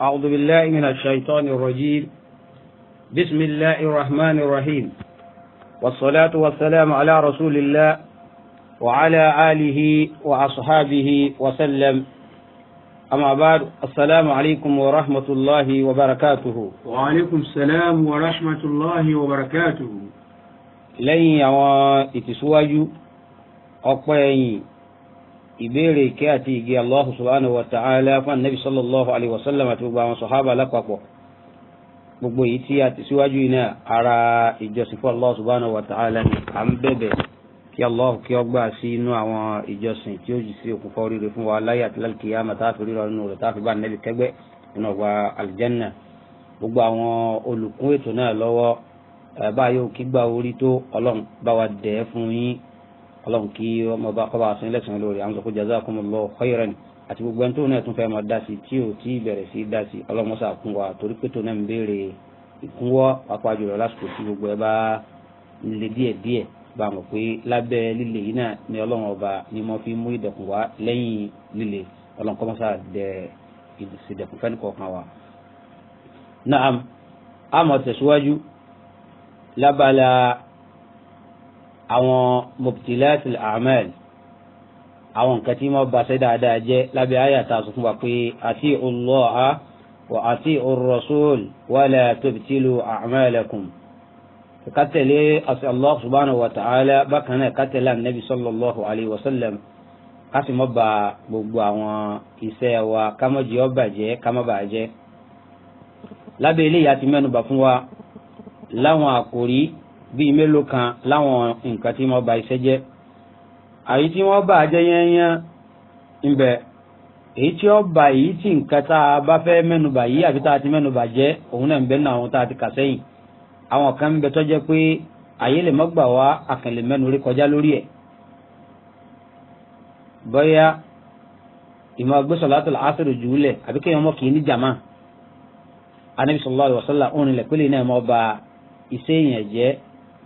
أعوذ بالله من الشيطان الرجيم بسم الله الرحمن الرحيم والصلاة والسلام على رسول الله وعلى آله وأصحابه وسلم أما بعد السلام عليكم ورحمة الله وبركاته وعليكم السلام ورحمة الله وبركاته لن يوا إتسواجو أقوى ìbéèrè ìkẹ́ àti ìgé Allahu subhanahu wa ta'ala fún anabi sallallahu alayhi wa sallam àti gbogbo àwọn sọ̀hábà lápapọ̀ gbogbo èyí tí a ti síwájú iná ara ìjọsìn fún Allahu subhanahu wa ta'ala ni à ń bẹ̀bẹ̀ kí Allahu kí ọ gbà sí inú àwọn ìjọsìn tí ó jì sí òkú fọ́ fún wa láyé àti lálùkìyàmà tá a fi rírọ nínú rẹ̀ tá bá nẹ́bí kẹ́gbẹ́ ọlọ́run kí ọmọ bá kọ́ bá a sún lẹ́sàn-án lórí àwọn sọ̀kò jazakumullahu khairan àti gbogbo ẹni tó náà tún fẹ́ máa dá sí tí ò tí bẹ̀rẹ̀ sí dá sí ọlọ́run sà kún wa torí pé tó náà ń béèrè ìkúnwọ́ pàápàá jùlọ lásìkò tí gbogbo ẹ bá le díẹ̀ díẹ̀ bá mọ̀ pé lábẹ́ líle yìí náà ni ọlọ́run ọba ni mo fi mú ìdẹ̀kùn wá lẹ́yìn líle ọlọ́run kọ́ mọ́sá àwọn mubtilatil a'mal àwọn nǹkan tí wọ́n bá ṣe dáadáa jẹ́ lábẹ́ àyà tá a sọ fún wa pé atiu Allaha wa atiu ar-rasul wala tubtilu a'malakum ká tẹ̀lé Allah subhanahu wa ta'ala bákan náà ká tẹ̀lé anabi sallallahu alayhi wa sallam ká sì mọ́ ba gbogbo àwọn iṣẹ́ wa ká jẹ́ ọ́ bàjẹ́ ká mọ́ bàjẹ́ lábẹ́ eléyìí ti mẹ́nu fún wa láwọn àkòrí bíi mélòó kan láwọn nǹkan tí wọ́n ba iṣẹ́ jẹ́ àyí tí wọ́n bà á jẹ́ yẹ́nyẹ́ ń bẹ èyí tí wọ́n bà yìí tí nǹkan tá a bá fẹ́ mẹ́nubà yìí àbí tá a ti mẹ́nubà jẹ́ òun náà ń bẹ nínú àwọn tá a ti kà sẹ́yìn àwọn kan ń bẹ tó pé àyè lè mọ́gbà wá àkànlè mẹ́nu rí kọjá lórí ẹ̀ bọ́yá ìmọ̀ agbésọ̀ látọ̀ àṣírí jùúlẹ̀ àbí kéèyàn mọ̀ kì í ní jàmá anabi sallallahu alaihi òun ni lẹ́pẹ́lẹ́ náà mọ́ ba iṣẹ́ yẹn jẹ́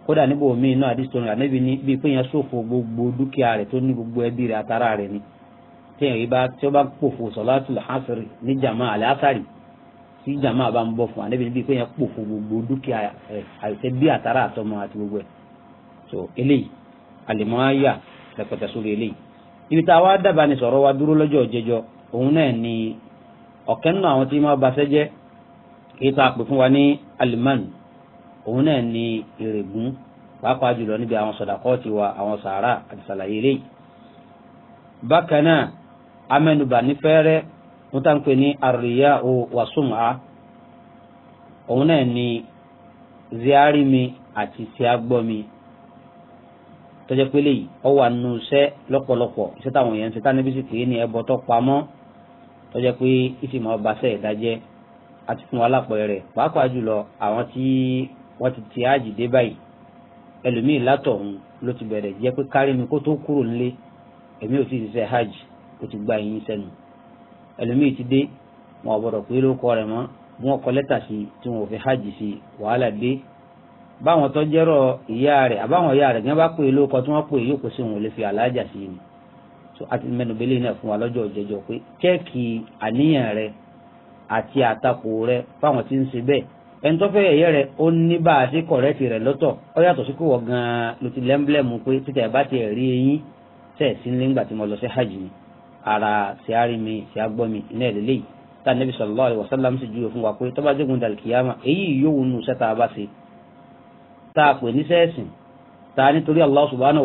kódà níbo míì náà àdìsọ rẹ ànábì ní bíi pé yẹn ṣòfò gbogbo dúkìá rẹ tó ní gbogbo ẹbí rẹ àtàrà rẹ ni téèyàn yìí bá tí ó bá pòfò sọláàtù làásìrì ní jàmá àlẹ àsàrì tí jàmá bá ń bọ fún ànábì ní bíi pé yẹn pòfò gbogbo dúkìá rẹ àìsẹ bí àtàrà àtọmọ àti gbogbo ẹ so eléyìí àlèmọ ayà lẹpẹtẹ sórí eléyìí ibi tá dábàá ni sọ̀rọ̀ wa dúró lọ́jọ́ jẹjọ òun náà ni ọ̀kẹ́ nínú àwọn tí ní òun náà ni ìrègùn pàápàá jùlọ níbi àwọn sọdàkọ́ọ̀tì wa àwọn sàárà àti sàlàyé eléyìí. bákan náà amẹnubà ní fẹ́rẹ́ wọn tá n pè ní àríyá o wàsùnmá òun náà ni ziari mi àti tiagbọ́ mi tọ́jọ́ pé léyìí ọ wà nù iṣẹ́ lọ́pọ̀lọpọ̀ iṣẹ́ táwọn èèyàn ń ṣe tánibí sì kì í ní ẹbọ tó pamọ́ tọ́jọ́ pé ìsìmọ̀ ọbaṣẹ́ ìdájẹ́ àti fún alápẹ̀rẹ̀ pàápàá jùlọ àwọn tí wọ́n ti ti áàjì dé báyìí ẹlòmíì látọ̀hún ló ti bẹ̀rẹ̀ jẹ́ pé kárí mi kó tó kúrò nílé èmi ò sì ṣiṣẹ́ hajj kó ti gba ẹ̀yìn sẹ́nu ẹlòmíì ti dé wọn ò gbọdọ̀ pé lóko rẹ̀ mọ́ bí wọ́n kọ lẹ́tà sí tí wọn ò fi hajj sí wàhálà dé báwọn tó jẹ́rọ ìyá rẹ̀ àbáwọn ìyá rẹ̀ gẹ́gẹ́ bá pè lóko tí wọ́n pè yóò kó sí lè fi àlàájà sí ni so àti mẹ́nu bẹ́lẹ̀ náà fún wa lọ́jọ́ ìjẹ́jọ́ pé chẹ́ẹ̀kì àníyàn rẹ àti àtakò rẹ fáwọn tí ń ṣe bẹ́ẹ̀ ẹni tó fẹ́ yẹ̀yẹ́ rẹ̀ ó ní bá a ṣe kọ̀rẹ́tì rẹ̀ lọ́tọ̀ ó yàtọ̀ sí kò wọ̀ gan-an ló ti lẹ́ńblẹ̀mù pé títẹ̀ bá ti rí eyín tẹ̀ sí nígbà tí mo lọ sí hajj ni ara ṣe á rí mi ṣe á gbọ́ mi iná ìlélẹ́yìí tá a nẹ́bi sallallahu alaihi wasallam sì júwe fún wa pé tọ́ba jẹ́gun dàlkìyàmà èyí yóò nu sẹ́ta bá ṣe tá a pè ní sẹ́ẹ̀sìn tá a nítorí Allah subhanahu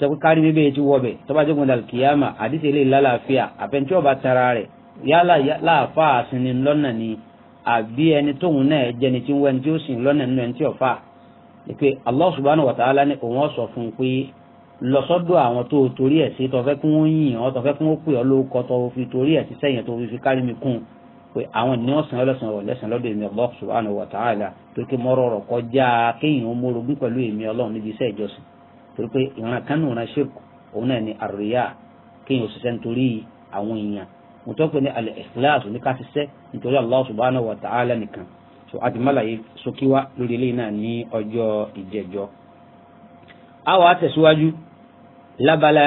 sọ pé kárí bíbẹ́ yìí ti wọ bẹ̀ tó bá jẹ́ gbọ́dọ̀ kìyàmà àdìsẹ́ lè lálàáfíà àfẹnjẹ́ ọba tara rẹ̀ yálà láàfà àsinni lọ́nà ni àbí ẹni tóun náà jẹni tí ń wẹni tí ó sìn lọ́nà nínú ẹni tí ò fà pé Allah subhanahu wa ta'ala ni òun ọ̀sọ̀ fún un pé lọ sọ́dọ̀ àwọn tó torí ẹ̀ sí tọ́fẹ́ kí wọ́n yìn ọ́ tọ́fẹ́ kí wọ́n pè ọ́ lóko tó fi torí ẹ̀ sí sẹ́yìn tó fi fi kárí mi kún un pé àwọn ènìyàn sàn ọlọ́sàn ọ̀ lẹ́sàn lọ́dọ̀ èmi Allah subhanahu wa ta'ala pé kí mọ́rọ̀ ọ̀rọ̀ kọjá kéèyàn ó mórogún pẹ̀lú èmi ọlọ́run níbi iṣẹ́ ìjọsìn torí pé ìran kan nù ran ṣírkù òun náà ni àríyá kéèyàn òṣìṣẹ́ nítorí àwọn èèyàn mo tọ́ pé ní alẹ́ ìkíláàsì ní ká ṣiṣẹ́ nítorí Allah subhanahu wa ta'ala nìkan so àdìmọ́láyé sokiwa lórí eléyìí náà ní ọjọ́ ìjẹjọ́ a wàá tẹ̀síwájú lábala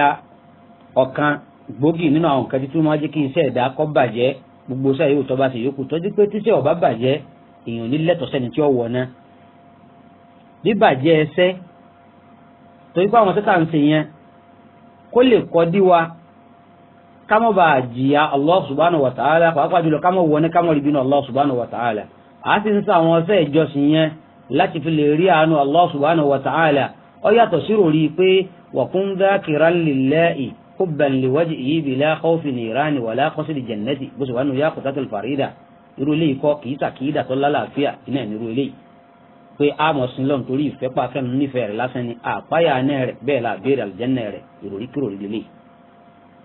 ọ̀kan nínú àwọn nǹkan títún máa jẹ́ kí iṣẹ́ ẹ̀dá kọ́ bàjẹ́ gbogbo sáyé òótọ́ bá ti yókù tọ́jú pé tíṣẹ́ ọ̀bá bàjẹ́ èèyàn ní lẹ́tọ̀ọ́sẹ́ni tí ó náà bíbàjẹ́ ẹsẹ́ torí pé àwọn tẹ́tà ń ṣe yẹn kó lè kọ́ dí wa kámọ́ bá jìyà Allah subhanahu wa ta'ala pàápàá jùlọ kámọ́ wọlé kámọ́ rí bínú Allah subhanahu wa ta'ala a ti ń sa àwọn ọ̀sẹ̀ ìjọsìn yẹn láti fi lè rí àánú Allah subhanahu wa ta'ala ó yàtọ̀ sí rori pé wa kun dhakiran lillahi hubban liwajhihi bila khawfin nirani wala qasdi wà nù pé àmọ̀ sin lọ́n torí ìfẹ́ pàfẹ́ mi nífẹ̀ẹ́ rẹ̀ lásán ni àpáyà náà rẹ̀ bẹ́ẹ̀ la béèrè àlùjẹ́nà rẹ̀ ìròrí kúrò lélẹ̀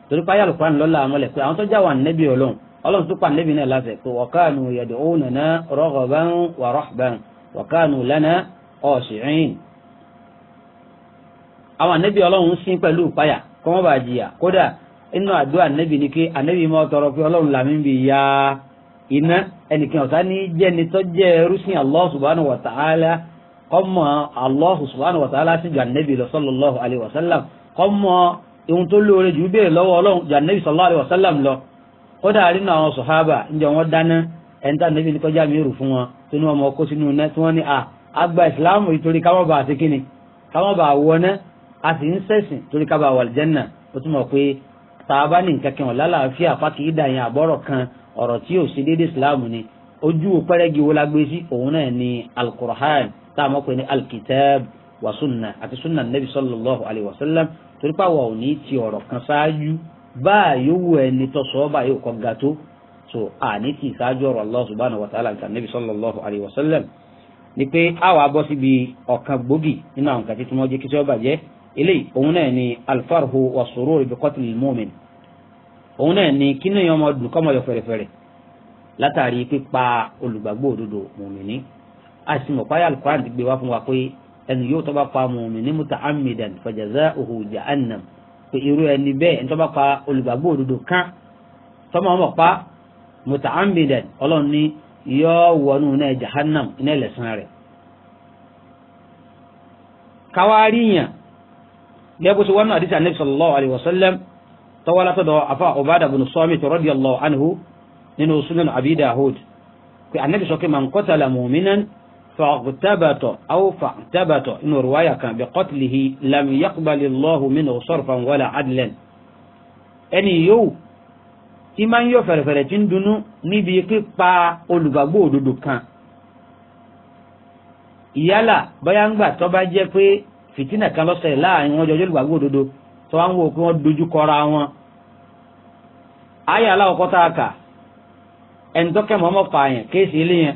torí páyà lùkúrán lọ́la àmọ́lẹ̀ pé àwọn tó já wà ọlọ́run ọlọ́run tó pa nẹ́bí náà láṣẹ pé wọ́kàánù yad'unana wa lana khashi'in àwọn ànẹ́bí ọlọ́run iná ẹnìkan ọ̀tá ní jẹ́ni tó jẹ́ ẹrúsìn Allah subhanahu wa ta'ala kọ́mọ Allah subhanahu wa ta'ala sí jàǹdẹ́bì sallallahu alayhi wa sallam kọ́mọ ohun tó lóore jù béèrè lọ́wọ́ ọlọ́run sallallahu alayhi wa sallam lọ ó dà àwọn ǹjẹ́ wọ́n dáná ẹni tá rù fún wọn tó ní wọn mọ kó sínú iná tí wọ́n ní à àgbà ìsìláàmù ìtorí káwọn bá àti kíni káwọn bá wọná a sì ń kan ọ̀rọ̀ tí yóò ṣe déédé islam ni ojú pẹ́rẹ́gì wo la gbé sí òun náà ni alukur'an tá a mọ̀ pé ní alkitab wa sunna àti sunna nabi sallallahu alayhi wa sallam torí pa wà ò ti ọ̀rọ̀ kan ṣáájú báà yówù ẹni tó sọ báà yóò kọ́ ga tó so àní ti ṣáájú ọ̀rọ̀ allah subhanahu wa ta'ala nǹkan nabi sallallahu alayhi wa sallam ni pé a wàá bọ́ síbi ọ̀kan gbòógì nínú àwọn nǹkan tí wọ́n jẹ́ kí tí wọ́n bàjẹ́ eléyìí òun náà ni alfarhu wa sururi bi qatl al òun náà ni kínú yẹn ọmọ dùn kọ́mọ yọ fẹ̀rẹ̀fẹ̀rẹ̀ látàrí pípa olùgbàgbọ́ òdodo mùmìnì a sì mọ̀ páyà alukoran ti gbé wá fún wa pé ẹni yóò tọ́ba pa mùmìnì muta amidan fàjàzá òhù jahannam pé irú ẹni bẹ́ẹ̀ ẹni tọ́ba pa olùgbàgbọ́ òdodo kan tọ́mọ ọmọ pa muta amidan ọlọ́run ní yọ wọnú náà jahannam iná ẹlẹ́sìn rẹ̀ káwárí yàn gẹ́gẹ́ bó ṣe àdìsí anabi tọ́wọ́ látọ̀dọ̀ afa Ubadah bin Samit radiyallahu anhu nínú sunan Abi Dawud pé anabi sọ pé man qatala mu'minan fàgùtàbàtọ̀ aw fàgùtàbàtọ̀ inú riwaya kan bi qatlihi lam yaqbalillahu minhu sarfan wala adlan ẹni yóò tí máa ń yọ fẹ̀rẹ̀fẹ̀rẹ̀ tí ń dunnú níbi pípa olùgbàgbọ́ òdodo kan ìyálà bóyá ń gbà tó bá jẹ́ pé fìtínà kan ló láàrin wọn jọjọ́ olùgbàgbọ́ òdodo tó wá wò pé wọ́n dojú kọra wọn ayé aláwọ̀kọ́ tá a kà ẹnitọ́kẹ́ Muhammad pààyàn kéèsì ilé yẹn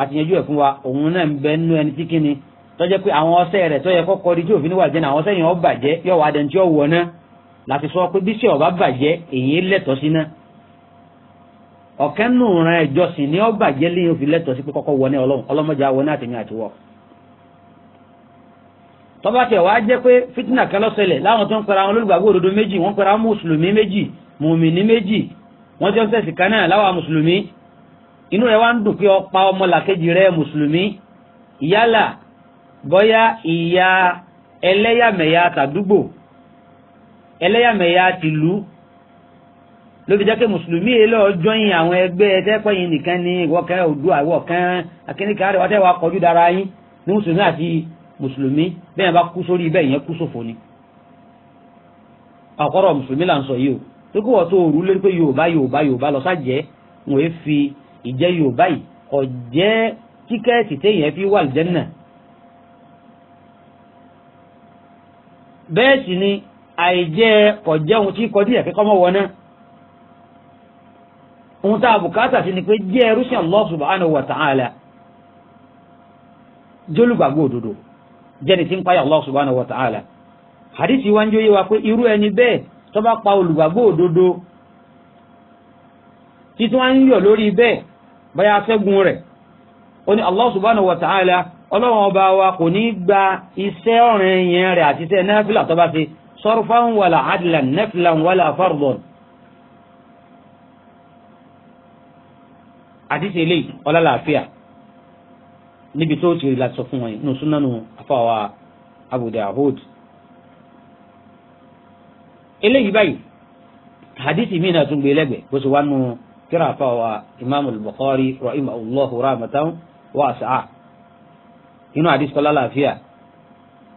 àtìyànjú ẹ̀ fún wa òun náà ń bẹ nínú ẹni tí kíni tọ́jẹ́ pé àwọn ọṣẹ́ rẹ̀ tọ́yẹ kọ́kọ́ rí tí òfin wà yi àwọn ọṣẹ́ yẹn ó bàjẹ́ yóò wá dẹ̀ntí ọ̀wọ́ náà láti sọ pé bíṣẹ́ ọ̀bá bàjẹ́ èyí lẹ́tọ̀ọ́ sí náà ọ̀kẹ́ nù ni òfin sí pé wọ ní náà tèmi àti wọ. wá mùmìnì méjì wọ́n jọ ṣẹ̀ṣì kan náà láwa mùsùlùmí inú rẹ̀ wá ń dùn pé ọ̀pá ọmọlàkejì rẹ̀ mùsùlùmí yálà bọ́yá ìyá ẹlẹ́yàmẹ̀yà tàdúgbò ẹlẹ́yàmẹ̀yà tìlú ló fi jẹ́ pé mùsùlùmí yìí lọ́ọ́ jọyìn àwọn ẹgbẹ́ ẹtẹ́pẹ́yìn nìkan ní ìwọ̀kan Oòduà ìwọ̀kan akínníkan rẹ̀ wọ́tẹ́ wa kọjú dára yín ní mùsùlùmí àti mùsùlùmí bẹ́ẹ̀ bá kú sórí bẹ́ẹ̀ yẹn kú sòfò ni ọ̀pọ̀rọ̀ mùsùlùmí là ń sọ yìí o pé kó wọ́n tó òru lórí pé yorùbá yorùbá yorùbá lọ sájẹ́ wọn è fi ìjẹ́ yorùbá yìí kò jẹ́ tíkẹ́ẹ̀tì téèyàn fi wà lìjẹ́nà. bẹ́ẹ̀ sì ni àìjẹ́ kò jẹ́ ohun tí kò díẹ̀ kíkọ́ mọ́ wọn náà ohun tá a bùkátà sí ni pé jẹ́ ẹrú sí Allah subhanahu wa ta'ala jólùgbàgbọ́ òdodo jẹ́ni tí ń páyà Allah subhanahu wa ta'ala hadisi wa ń jóyè wa pé irú ẹni bẹ́ẹ̀ tó bá pa olùgbàgbọ́ òdodo títí wọ́n ń yọ̀ lórí bẹ́ẹ̀ báyà ṣẹ́gun rẹ̀ ó ní Allah subhanahu wa ta'ala ọlọ́run ọba wa kò ní gba iṣẹ́ ọ̀rìn yẹn rẹ̀ àti iṣẹ́ náfìlà tó bá ṣe sarfan wala adlan naflan wala fardan àti ṣe ọlọ́láàfíà níbi tó ti rí láti sọ fún wọn nínú súnánù afáwa Abu Dawud eléyìí báyìí hadithi mi náà tún gbé lẹ́gbẹ̀ẹ́ bó ṣe wá nù kíra fa wa imaamu bukhari rahim allahu rahmatan wa sa'a inú hadith kọ́lá làáfíà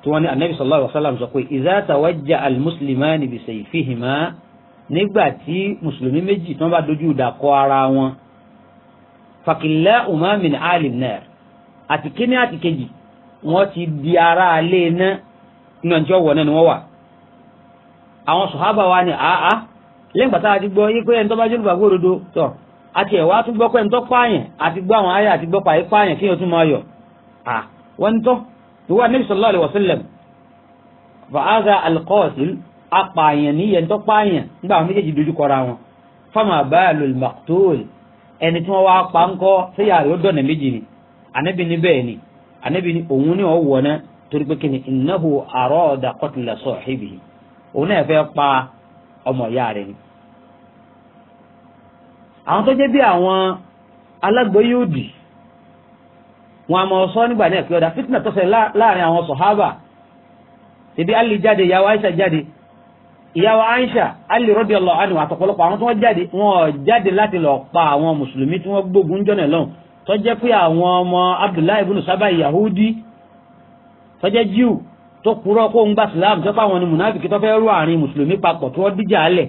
tí wọ́n ní anabi sallallahu alayhi wa sallam sọ pé idha tawajja almuslimani bi sayfihima nígbà tí mùsùlùmí méjì tí wọ́n bá dojú ìdà ara wọn fàkìlá umamin alim náà àti kíní àti kejì wọ́n ti di ara alẹ́ náà nínú àjọ wọ̀ náà ni wọ́n wà àwọn sòhábà wa ni àá lẹ́yìn pàtàkì àti gbọ́ yí pé ẹni tó bá jẹ́ olùgbàgbọ́ òdodo tọ̀ àti ẹ̀wá tún gbọ́ pé ẹni tó pààyàn àti gbọ́ àwọn ayé àti gbọ́ pààyàn pààyàn kí yẹn tún máa yọ̀ à wọ́n tọ́ ìwà níbi sallallahu alaihi wasallam fàáza alqatil apààyàn níyẹn tó pààyàn nígbà àwọn méjèèjì dojú kọra wọn fama balul maqtul ẹni tí wọ́n wá pa ń kọ́ ó dọ̀nà méjì ni ànábì ní bẹ́ẹ̀ ni ànábì ní òun ní ọ̀ náà torí pé kí ni innahu arada qatla sahibihi òun náà fẹ́ pa ọmọ ìyá rẹ̀ ni. àwọn tó jẹ́ bí àwọn alágbóyè òdì wọn a máa sọ nígbà náà pé ọ̀dà fitna tó ṣẹlẹ̀ láàrin àwọn sọ̀hábà ibi Ali jáde ìyàwó Aisha jáde ìyàwó Aisha Ali radiyallahu anha àtọ̀pọ̀lọpọ̀ àwọn tí wọ́n jáde wọn ò jáde láti lọ pa àwọn mùsùlùmí tí wọ́n gbógun jọ́nà lọ́hùn tó jẹ́ pé àwọn ọmọ Abdullahi ibn Saba Yahudi tó jẹ́ tó kúrọ́ kó ń gba islam tó fáwọn ní munafiki tó fẹ́ rú àárín mùsùlùmí papọ̀ tó dìjà alẹ̀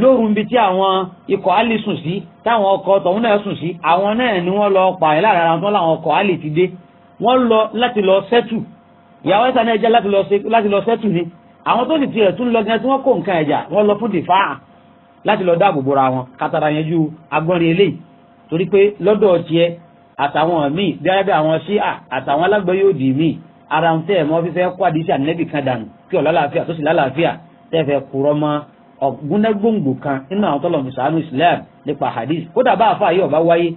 lóru ibi tí àwọn ikọ̀ alì sùn sí táwọn ọkọ̀ tọ̀hún náà sùn sí àwọn náà ni wọ́n lọ pààyàn lára ara wọn láwọn ọkọ̀ alì ti dé wọ́n lọ láti lọ sẹ́tù ìyàwó ẹ̀sà náà jẹ́ láti lọ sẹ́tù ni àwọn tó sì tiẹ̀ tún lọ gan tí wọ́n kó nǹkan ẹ̀jà wọ́n lọ fún dìfáà láti lọ dáàbò bora wọn kátàrà yanjú agbọ́nrin eléyìí torí pé lọ́dọ̀ tiẹ̀ àtàwọn míì dáadáa àwọn síà àtàwọn alágbọ́yé òdì míì ara ń tẹ́ ẹ̀ mọ́ fífẹ́ kó àdìsí ànẹ́bì kan dànù kí ọ̀ lálàáfíà tó sì lálàáfíà tẹ́ fẹ́ kúrọ́ mọ́ ọ̀gúnnágbòǹgbò kan nínú àwọn tọ́lọ̀ mùsàánù islam nípa hadith kódà bá àfa yìí ọba wáyé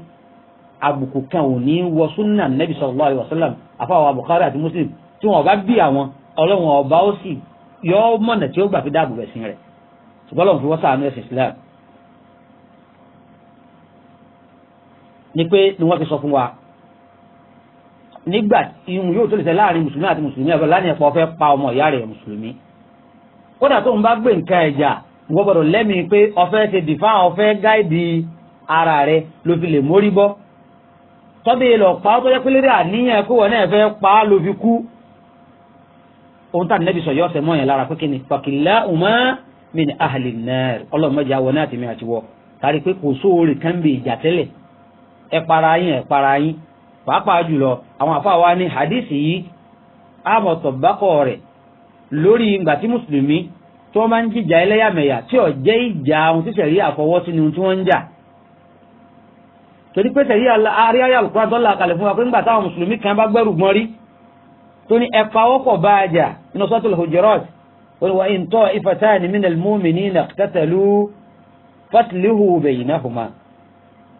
àbùkù kan ò ní wọ súnà nẹ́bì sallallahu alaihi wasallam àfa àwọn Bukhari àti Muslim tí wọn bá bí àwọn ọlọ́run ọba ó sì yọ mọ̀nà tí ó gbà fi dáàbò ẹ̀sìn rẹ̀ ṣùgbọ́n lọ́n fi islam ni pé ni wọ́n fi nígbà tí irun yóò tó lè ṣe láàrin mùsùlùmí àti mùsùlùmí àbẹ̀lá ní ẹ̀pọ̀ fẹ́ pa ọmọ ìyá rẹ̀ mùsùlùmí kódà tó ń bá gbé nǹkan ẹ̀jà wọ́n gbọ́dọ̀ lẹ́mìí pé ọfẹ́ ṣe dìfá ọfẹ́ gáìdì ara rẹ̀ ló fi lè mórí bọ́ tọ́bí lọ pa ó tó yẹ pé lérí àníyàn kó wọn náà fẹ́ pa á ló fi kú ohun tá nẹ́bí sọ yọ́ọ̀sẹ̀ mọ́ pàápàá jùlọ àwọn àfa wa ní hadith yìí àmọ̀tọ̀ bákọ̀ rẹ̀ lórí ìgbà tí mùsùlùmí tí wọ́n máa ń jíjà ẹlẹ́yàmẹ̀yà tí ò jẹ́ ìjà ohun tí sẹ̀rí àfọwọ́ sínú tí wọ́n ń jà torí pé sẹ̀rí àrí ayé àlùkò àtọ́lá kalẹ̀ fún wa pé nígbà táwọn mùsùlùmí kan bá gbẹ́rù gbọ́n rí tó ní ẹ̀fà ọkọ̀ bá a jà nínú sọ́tò hujurat wa in ta'ifatan minal mu'minina iqtatalu fatlihu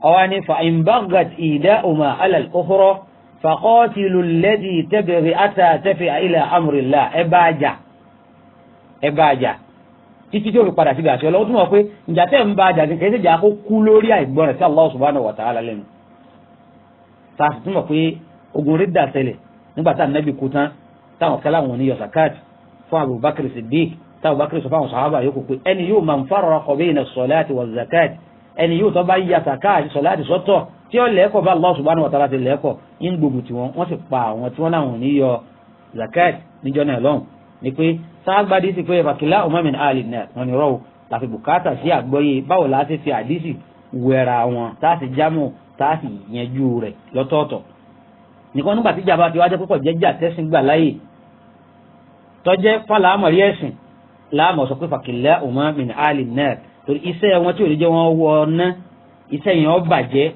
ọwọ́ ní fàìmbágat ìdá ọmọ alal ọ̀húrọ̀ fàkọ́tìlù lẹ́dí tẹ́bẹ̀rẹ̀ ata tẹ́fẹ̀ ilẹ̀ amúrìlá ẹ bá jà ẹ bá jà títí tí ó fi padà síbi àti ọlọ́wọ́ tó mọ̀ pé ìjà tẹ́ ń bá jà kì í ṣèjà kó kú lórí àìgbọ́ràn sí Allah subhanahu wa ta'ala lẹ́nu tààsì tó mọ̀ pé ogun rí dà sẹlẹ̀ nígbà tá ànábì kú tán táwọn kẹlẹ́ àwọn oníyọ̀ zakat fún Abubakar Siddiq táwọn Abubakar sọ fáwọn sàhábà yòókù ẹni yóò tọ́ bá yíya sàká àti sọ̀lá àti sọ́tọ̀ tí ó lẹ́kọ̀ọ́ bá Allah subhanahu wa ta'ala ti lẹ́kọ̀ọ́ yín gbogbo tiwọn wọ́n sì pa àwọn tí wọ́n láwọn ò ní yọ zakat níjọ́ náà lọ́hùn ni pé sáàgbà díìsì pé ìfàkìlá ọmọmìn àlè náà wọn ni rọ́ọ̀ láti bùkátà sí àgbọ́yé báwo la ti fi àdísì wẹ̀ra wọn tá a ti jámù tá a sì yanjú rẹ̀ lọ́tọ̀ọ̀tọ̀ nìkan nígbà tí ìjàmbá ti wá jẹ́ púpọ̀ jẹ́jà tẹ́sìn gbà láyè tọ́jẹ́ fọlá ẹ̀sìn láàmọ̀ sọ pé fàkìlá ọmọmìn àlè náà torí iṣẹ́ wọn tí ò ní jẹ́ wọn wọ ná iṣẹ́ yẹn ó bàjẹ́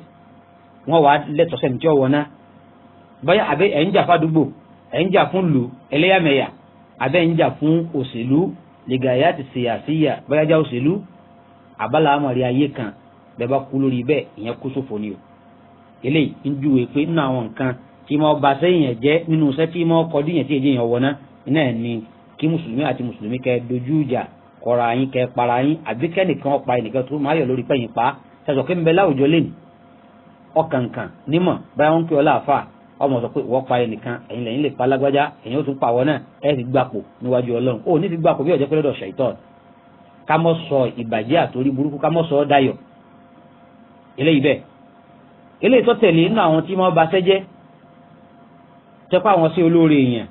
wọn wà lẹ́tọ̀ọ́ sẹ́ni tí ó wọ ná báyà àbẹ ẹ̀ ń jà fàdúgbò ẹ̀ ń jà fún lù ẹlẹ́yàmẹ̀yà àbẹ ń jà fún òṣèlú lẹ́gàyà ti ṣèyàṣìyà báyà já òṣèlú àbálà àmọ̀rí ayé kan bẹ́ẹ̀ bá kú lórí bẹ́ẹ̀ ìyẹn kú sófo ni o eléyìí ń júwe pé nínú àwọn nǹkan tí mo bá sẹ́yìn jẹ́ nínú iṣẹ́ tí mo kọ́ díyàn tí èdè yẹn wọ̀ ná iná kí mùsùlùmí àti mùsùlùmí kẹ́ dojú ìjà kọra yín kẹ para yín àbí kẹ́nìkan ọ̀pa ẹnìkan tó máa yọ lórí pẹ́yìn pa ṣàṣọ kí n bẹ láwùjọ lẹ́nu ọkànkàn nímọ̀ báyà wọn kí ọ láàfà ọmọ sọ pé ìwọ pa ẹnìkan ẹ̀yin lẹ́yìn lè pa lágbájá ẹ̀yin ó tún pa àwọn náà ẹ ti gbapò níwájú Ọlọ́run ó ní ti gbapò bí ọjọ́ pé lọ́dọ̀ ṣàìtọ́n ká mọ́ sọ ìbàjẹ́ àtòrí burúkú ká mọ́ sọ ọ́ dayọ̀ eléyìí bẹ́ẹ̀ eléyìí tó tẹ̀lé nínú àwọn tí wọ́n ba sẹ́jẹ́ tẹ́pọ̀ àwọn sí olóore èèyàn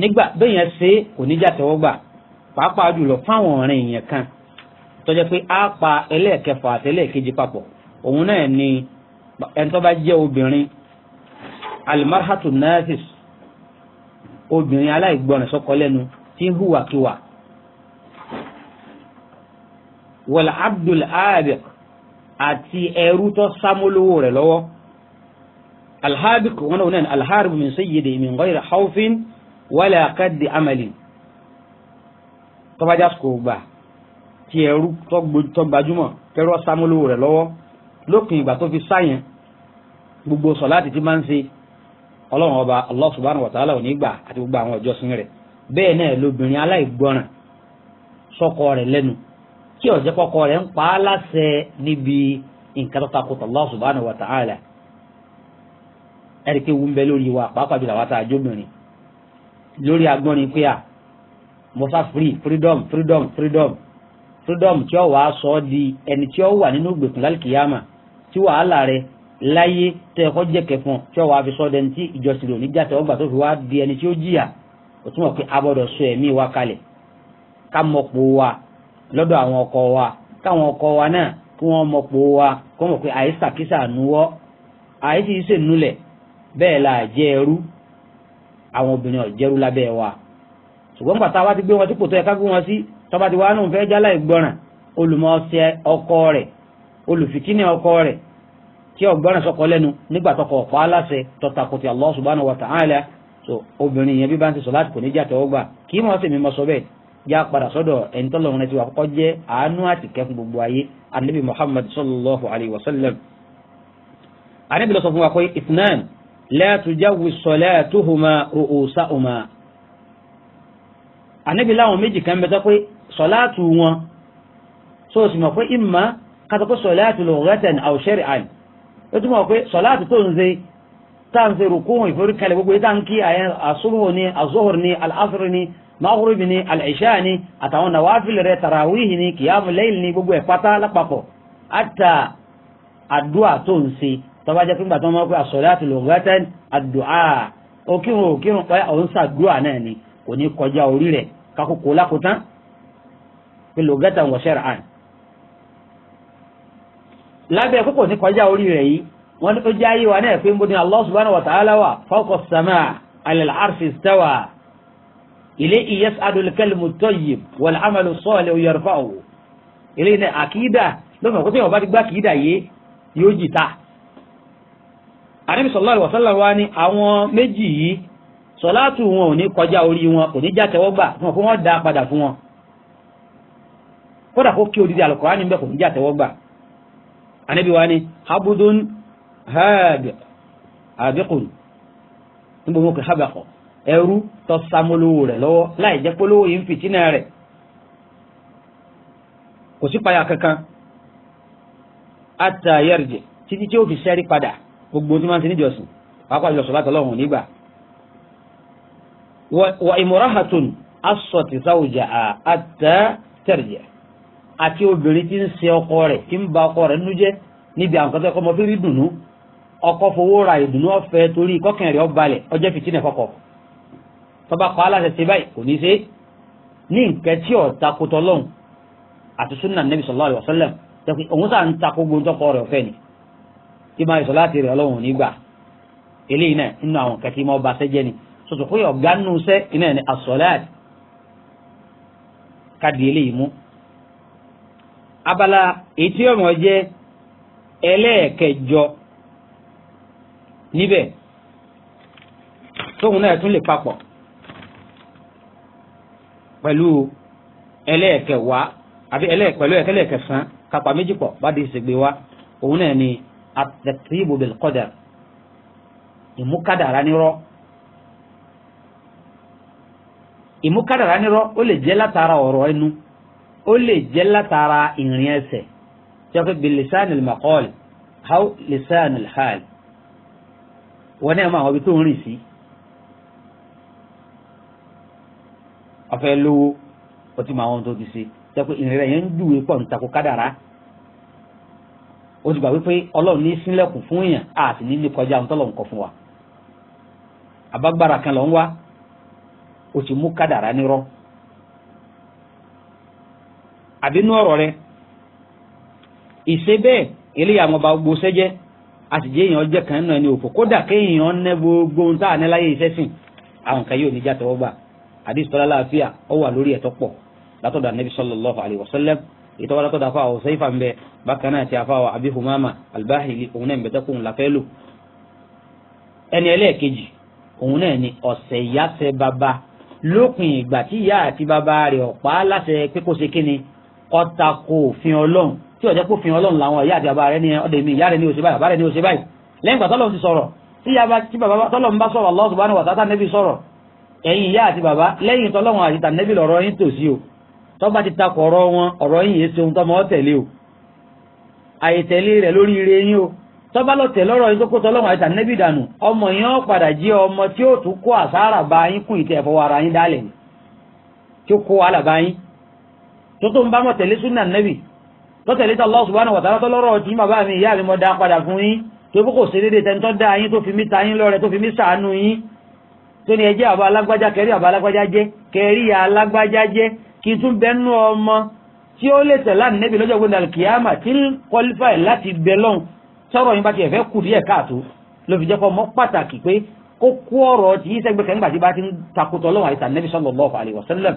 nígbà bẹ́ẹ̀ ṣe kò ní jà tẹ́wọ́ gbà pàápàá jùlọ fáwọn ọ̀rìn èèyàn kan tó jẹ́ pé á pa ẹlẹ́ẹ̀kẹfà àti ẹlẹ́ẹ̀keje papọ̀ òun náà ni ẹni tó bá jẹ́ obìnrin alimarhatu nafis obìnrin aláìgbọràn sọ́kọ lẹ́nu tí ń hùwàkiwà wọ̀lá abdul abiq àti ẹrú tó sámúlówó rẹ̀ lọ́wọ́ alhabiq wọn náà alharbu min sayyidi min ghayri khawfin wala kaddi amalin tọ́bajá sùkò gbà tí ẹrú tó gbajúmọ̀ kẹrọ sámúlò rẹ̀ lọ́wọ́ lópin ìgbà tó fi sáyẹn gbogbo sọ̀láàtì tí máa ń ṣe ọlọ́run ọba Allah subhanahu wa ta'ala ò ní gbà àti gbogbo àwọn ìjọsìn rẹ̀ bẹ́ẹ̀ náà lóbìnrin aláìgbọràn sọ́kọ rẹ̀ lẹ́nu kí ọ̀jẹ́ kọ́kọ́ rẹ̀ ń pa á láṣẹ níbi nǹkan tó takùtà Allah subhanahu wa wúńbẹ́ lórí wa pàápàá jùlọ àwọn àtàjọ́bìnrin lórí agbọ́nrin pé à mo fà free freedom freedom freedom freedom tí ó wàá sọ ọ́ di ẹni tí ó wà nínú gbèkùn lálùkìyàmà tí wàhálà rẹ láyé tẹ ẹkọ jẹkẹ fún tí ó wàá fi sọ dẹni tí ìjọsìn rò ní ọgbà tó fi wá di ẹni tí ó jìyà ó túmọ̀ pé a sọ ẹ̀mí wa kalẹ̀ ká mọ̀pọ̀ wa lọ́dọ̀ àwọn ọkọ wa káwọn ọkọ wa náà kí wọ́n mọ̀pọ̀ wa kó mọ̀ pé àìsà kísà nuwọ́ àìsí ìṣènulẹ̀ bẹ́ẹ̀ la jẹ́ ẹrú àwọn obìnrin ọ̀jẹ́rú lábẹ́ wa ṣùgbọ́n pàtó àwa ti gbé wọn sípò tó yẹ ká gbé wọn sí tọ́ba ti wá nù fẹ́ jálá ìgbọràn olùmọ̀ọ́sẹ̀ ọkọ rẹ̀ olùfìtínì ọkọ rẹ̀ tí ọgbọ́n sọkọ lẹ́nu nígbà tọkọ ọ̀pá aláṣẹ tọ́takùtì Allah subhanahu wa ta'ala so obìnrin yẹn bí bá ń ti sọ láti kò ní jà tẹ́wọ́ gbà kí wọ́n sì mi mọ sọ bẹ́ẹ̀ já padà sọ́dọ̀ ẹni tọ́lọ̀ ànábì láwọn méjì kan bẹ́tọ́ pé sọ̀láàtù wọn so sì mọ̀ pé ìmọ̀ kátó pé sọ̀láàtù lughatan aw shar'an ó túmọ̀ pé sọ̀láàtù tó ń ṣe tá ń ṣe rùkúhùn ìforí kalẹ̀ gbogbo yìí tá ń kí àyẹn àṣùhù ni àzọ́hùr ni alásùr ni máhùrùbì ni àlẹ́ṣà ni àtàwọn nàwáfìl rẹ̀ tàràwíhì ni kìyàmù lẹ́yìn ni gbogbo ẹ̀ pátá lápapọ̀ àtà àdúà tó ń ṣe tọ́ba jẹ́ pípa tó ń mọ̀ pé àsọ̀láàtù lughatan àdúà òkírun òkírun pé òun ṣàdúà náà ni kò ní kọjá orí rẹ̀ kakoko lakotan pé lògẹ́ta wọ̀ ṣẹ́ra àn. lábẹ́ kókò ní kọjá orí rẹ̀ yìí wọ́n ní ó jẹ́ ayé wa náà pé nbọ́dún Allah subhanahu wa ta'ala wa fawqa as-samaa 'ala al-'arshi istawa ilayhi yas'adu al-kalimu at-tayyib wal-'amalu as-salihu yarfa'uhu ilé ní àkídà lọ́mọ̀ kó tí wọ́n bá ti gbá àkídà yé yóò jìta. àníbi sallallahu alaihi wa wa ni àwọn méjì yìí sọ̀látù wọn ò ní kọjá orí wọn kò ní jàtẹ́wọ́gbà wọn kó wọ́n dá padà fún wọn kódà kó kí odidi Al-Kùránì níbẹ̀ kò ní jàtẹ́wọ́gbà Ànábì wa ni habudun hag abikun níbo mo kì habakọ ẹrú tó samolówó rẹ̀ lọ́wọ́ láì jẹ́ polówó yìí ń fìtínà rẹ̀ kò sí payà kankan àtàyẹrìjẹ títí tí ó fi sẹ́rí padà gbogbo tí wọ́n ti níjọsìn pàápàá ìlọsọ̀lá tọ́lọ́hùn nígbà wa imurahatun asọ̀tì sáwùjà àtà tẹ̀rìjẹ̀ àti obìnrin tí ń ṣe ọkọ rẹ̀ ti ń ba ọkọ rẹ nínú jẹ́ níbi àwọn kan tó fi rí dùnú ọkọ fowó ra ìdùnú ọ̀fẹ́ torí kọ́kànrẹ́ ọbalẹ̀ ọjọ́ fìtínà fọkọ tọba kọ́ aláṣẹ ṣe báyìí kò ní ṣe ní nǹkan tí ọ̀ takò tọlọ́hun àti nabi ni tí sọ̀tọ̀ pé ọ̀gá nù sẹ́ iná ẹ̀ ní asọ́láàdì káàdì eléyìí mú. abala ètí ọmọ jẹ́ ẹlẹ́ẹ̀kẹjọ níbẹ̀ tóun náà tún lè papọ̀ pẹ̀lú ẹlẹ́ẹ̀kẹwàá àbí ẹlẹ́ẹ̀ pẹ̀lú ẹlẹ́ẹ̀kẹsàn kápá méjì pọ̀ bá ìsègbè wa òun náà ni at-tatribu bil qadar ìmú kádàrá ìmúkádàrá nírọ́ ó lè jẹ́ látara ọ̀rọ̀ ẹnu ó lè jẹ́ látara ìrìn ẹsẹ̀ tí wọ́n fi bi lisan al-maqal aw lisan al-hal wọ́n náà máa wọ́n bí tó ń rìn sí ọ̀fẹ́ lówó ó ti máa wọ́n tó ti ṣe tí ìrìn rẹ̀ yẹn ń júwe pọ̀ ń takò kádàrá ó ti gbà wípé ọlọ́run ní sílẹ̀kùn fún èèyàn àti nílé kọjá ohun tọ́lọ́run kọ fún wa àbágbára kan lọ ń wá o ti mú kádàrá nírọ́ àbínú ọ̀rọ̀ rẹ ìṣe bẹ́ẹ̀ eléyà àwọn ọba gbogbo sẹ́jẹ́ àtijọ́ èèyàn jẹ́ kan náà ẹni òfò kódà kéèyàn ná gbogbo ohun tá a ní láyé iṣẹ́ sìn àwọn kan yóò ní já tọwọ́ gbà àdìs tọ́lá láàfíà ó wà lórí ẹ̀tọ́ pọ̀ látọ̀dọ̀ anabi sallallahu alayhi wa ìtọ́wọ́ látọ̀dọ̀ afa àwọn sẹ́yìn fàmbẹ bákan náà ti afa àwọn abi humama albahili òun náà ń bẹ tẹ́kùn lafẹ́ lò ẹni ẹlẹ́ẹ̀kejì òun náà ni ọ̀sẹ̀ yáṣẹ́ bàbá lópin ìgbà tí ìyá àti bàbá rẹ̀ ọ̀pá láṣẹ pé kó ṣe kíni ọ̀tà kò òfin ọlọ́run tí ọ̀jẹ́ kó fin ọlọ́run làwọn ìyá àti bàbá rẹ̀ ní ọ̀dẹ̀ mi ìyá rẹ̀ ní ó ṣe báyìí bàbá rẹ̀ ní ó ṣe báyìí lẹ́yìn ìgbà tọ́lọ́run ti sọ̀rọ̀ tí bàbá tọ́lọ́run bá sọ̀rọ̀ Allah subhanahu wa ta'ala nẹ́bí sọ̀rọ̀ ẹ̀yin ìyá àti bàbá lẹ́yìn tọ́lọ́run àti tànẹ́bí lọ̀rọ̀ yín tòsí o tọ́ba ti takọ̀ ọ̀rọ̀ wọn ọ̀rọ̀ yín yé ṣeun tọ́mọ tẹ̀lé o àyètẹ̀lé rẹ̀ lórí yín o tọ́ba lọ tẹ̀ lọ́rọ̀ yín tó kó tọ́lọ́mọ àti ànẹ́bì dànù ọmọ yẹn ó padà jẹ́ ọmọ tí ó tún kó àsárà bá yín kún ìtẹ̀ ẹ̀fọ́ ara yín dálẹ̀ ni tí ó kó wàhálà bá yín tó tó ń bá mọ̀ tẹ̀lé súnà nẹ́bì tó tẹ̀lé tó Allah subhanahu wa ta'ala tó lọ́rọ̀ tí bàbá mi ìyá mi mọ̀ dá padà fún yín tó kó kò sí dédé tẹ́ ń tọ́ da yín tó fi mí ta yín lọ́rẹ̀ tó fi mí sàánú yín tó ní ẹjẹ́ àbá alágbájá kẹrí àbá alágbájá jẹ́ tọ́rọ̀ yín bá ti ẹ̀fẹ́ kù díẹ̀ káàtó ló fi jẹ́ kọ́ mọ́ pàtàkì pé kó kó ọ̀rọ̀ tí yín sẹ́gbẹ́ kan nígbà tí bá ti ń takùtọ̀ lọ́wọ́ àìsàn nẹ́bí sallallahu alaihi wasallam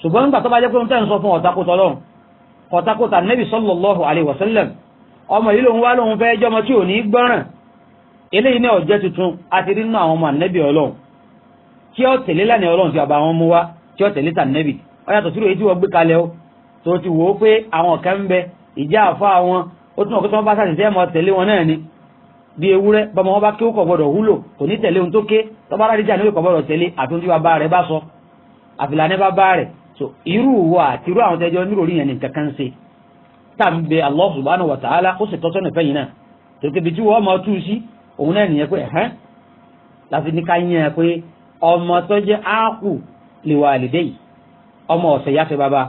ṣùgbọ́n nígbà tó bá jẹ́ pé ń tẹ́ ń sọ fún ọ̀takùtọ̀ lọ́run ọ̀takùtà nẹ́bí sallallahu alaihi wasallam ọmọ yìí lòun wá lòun fẹ́ jọmọ tí ò ní gbọ́ràn eléyìí náà jẹ́ tuntun àti rí nínú àwọn ọmọ ànẹ́bí ìjà àfa wọn ó tún ọ̀kẹ́tọ́ bá sàṣìṣẹ́ ẹ̀mọ́ tẹ̀lé wọn náà ni bí ewúrẹ́ bọ́mọ wọn bá kí ó kọ̀ gbọ́dọ̀ wúlò kò ní tẹ̀lé ohun tó ké tọ́ba rárá ìjà ní ó kọ̀ gbọ́dọ̀ tẹ̀lé àtúntí bàbá rẹ̀ bá sọ àfìlà ní bàbá rẹ̀ so irú wa àti irú àwọn tẹjọ níròrí yẹn ní nǹkan kan ṣe tá à ń bẹ Allah subhanahu wa ta'ala ó sì tọ́sọ́ nífẹ̀ẹ́ yìí náà tòkèbí tí wọ́n máa tú sí òun náà nìyẹn pé ẹ̀hán láti ní ká yẹn pé ọmọ tó jẹ́ áàkù lè wà lédè yìí ọmọ ọ̀sẹ̀ yáṣẹ bàbá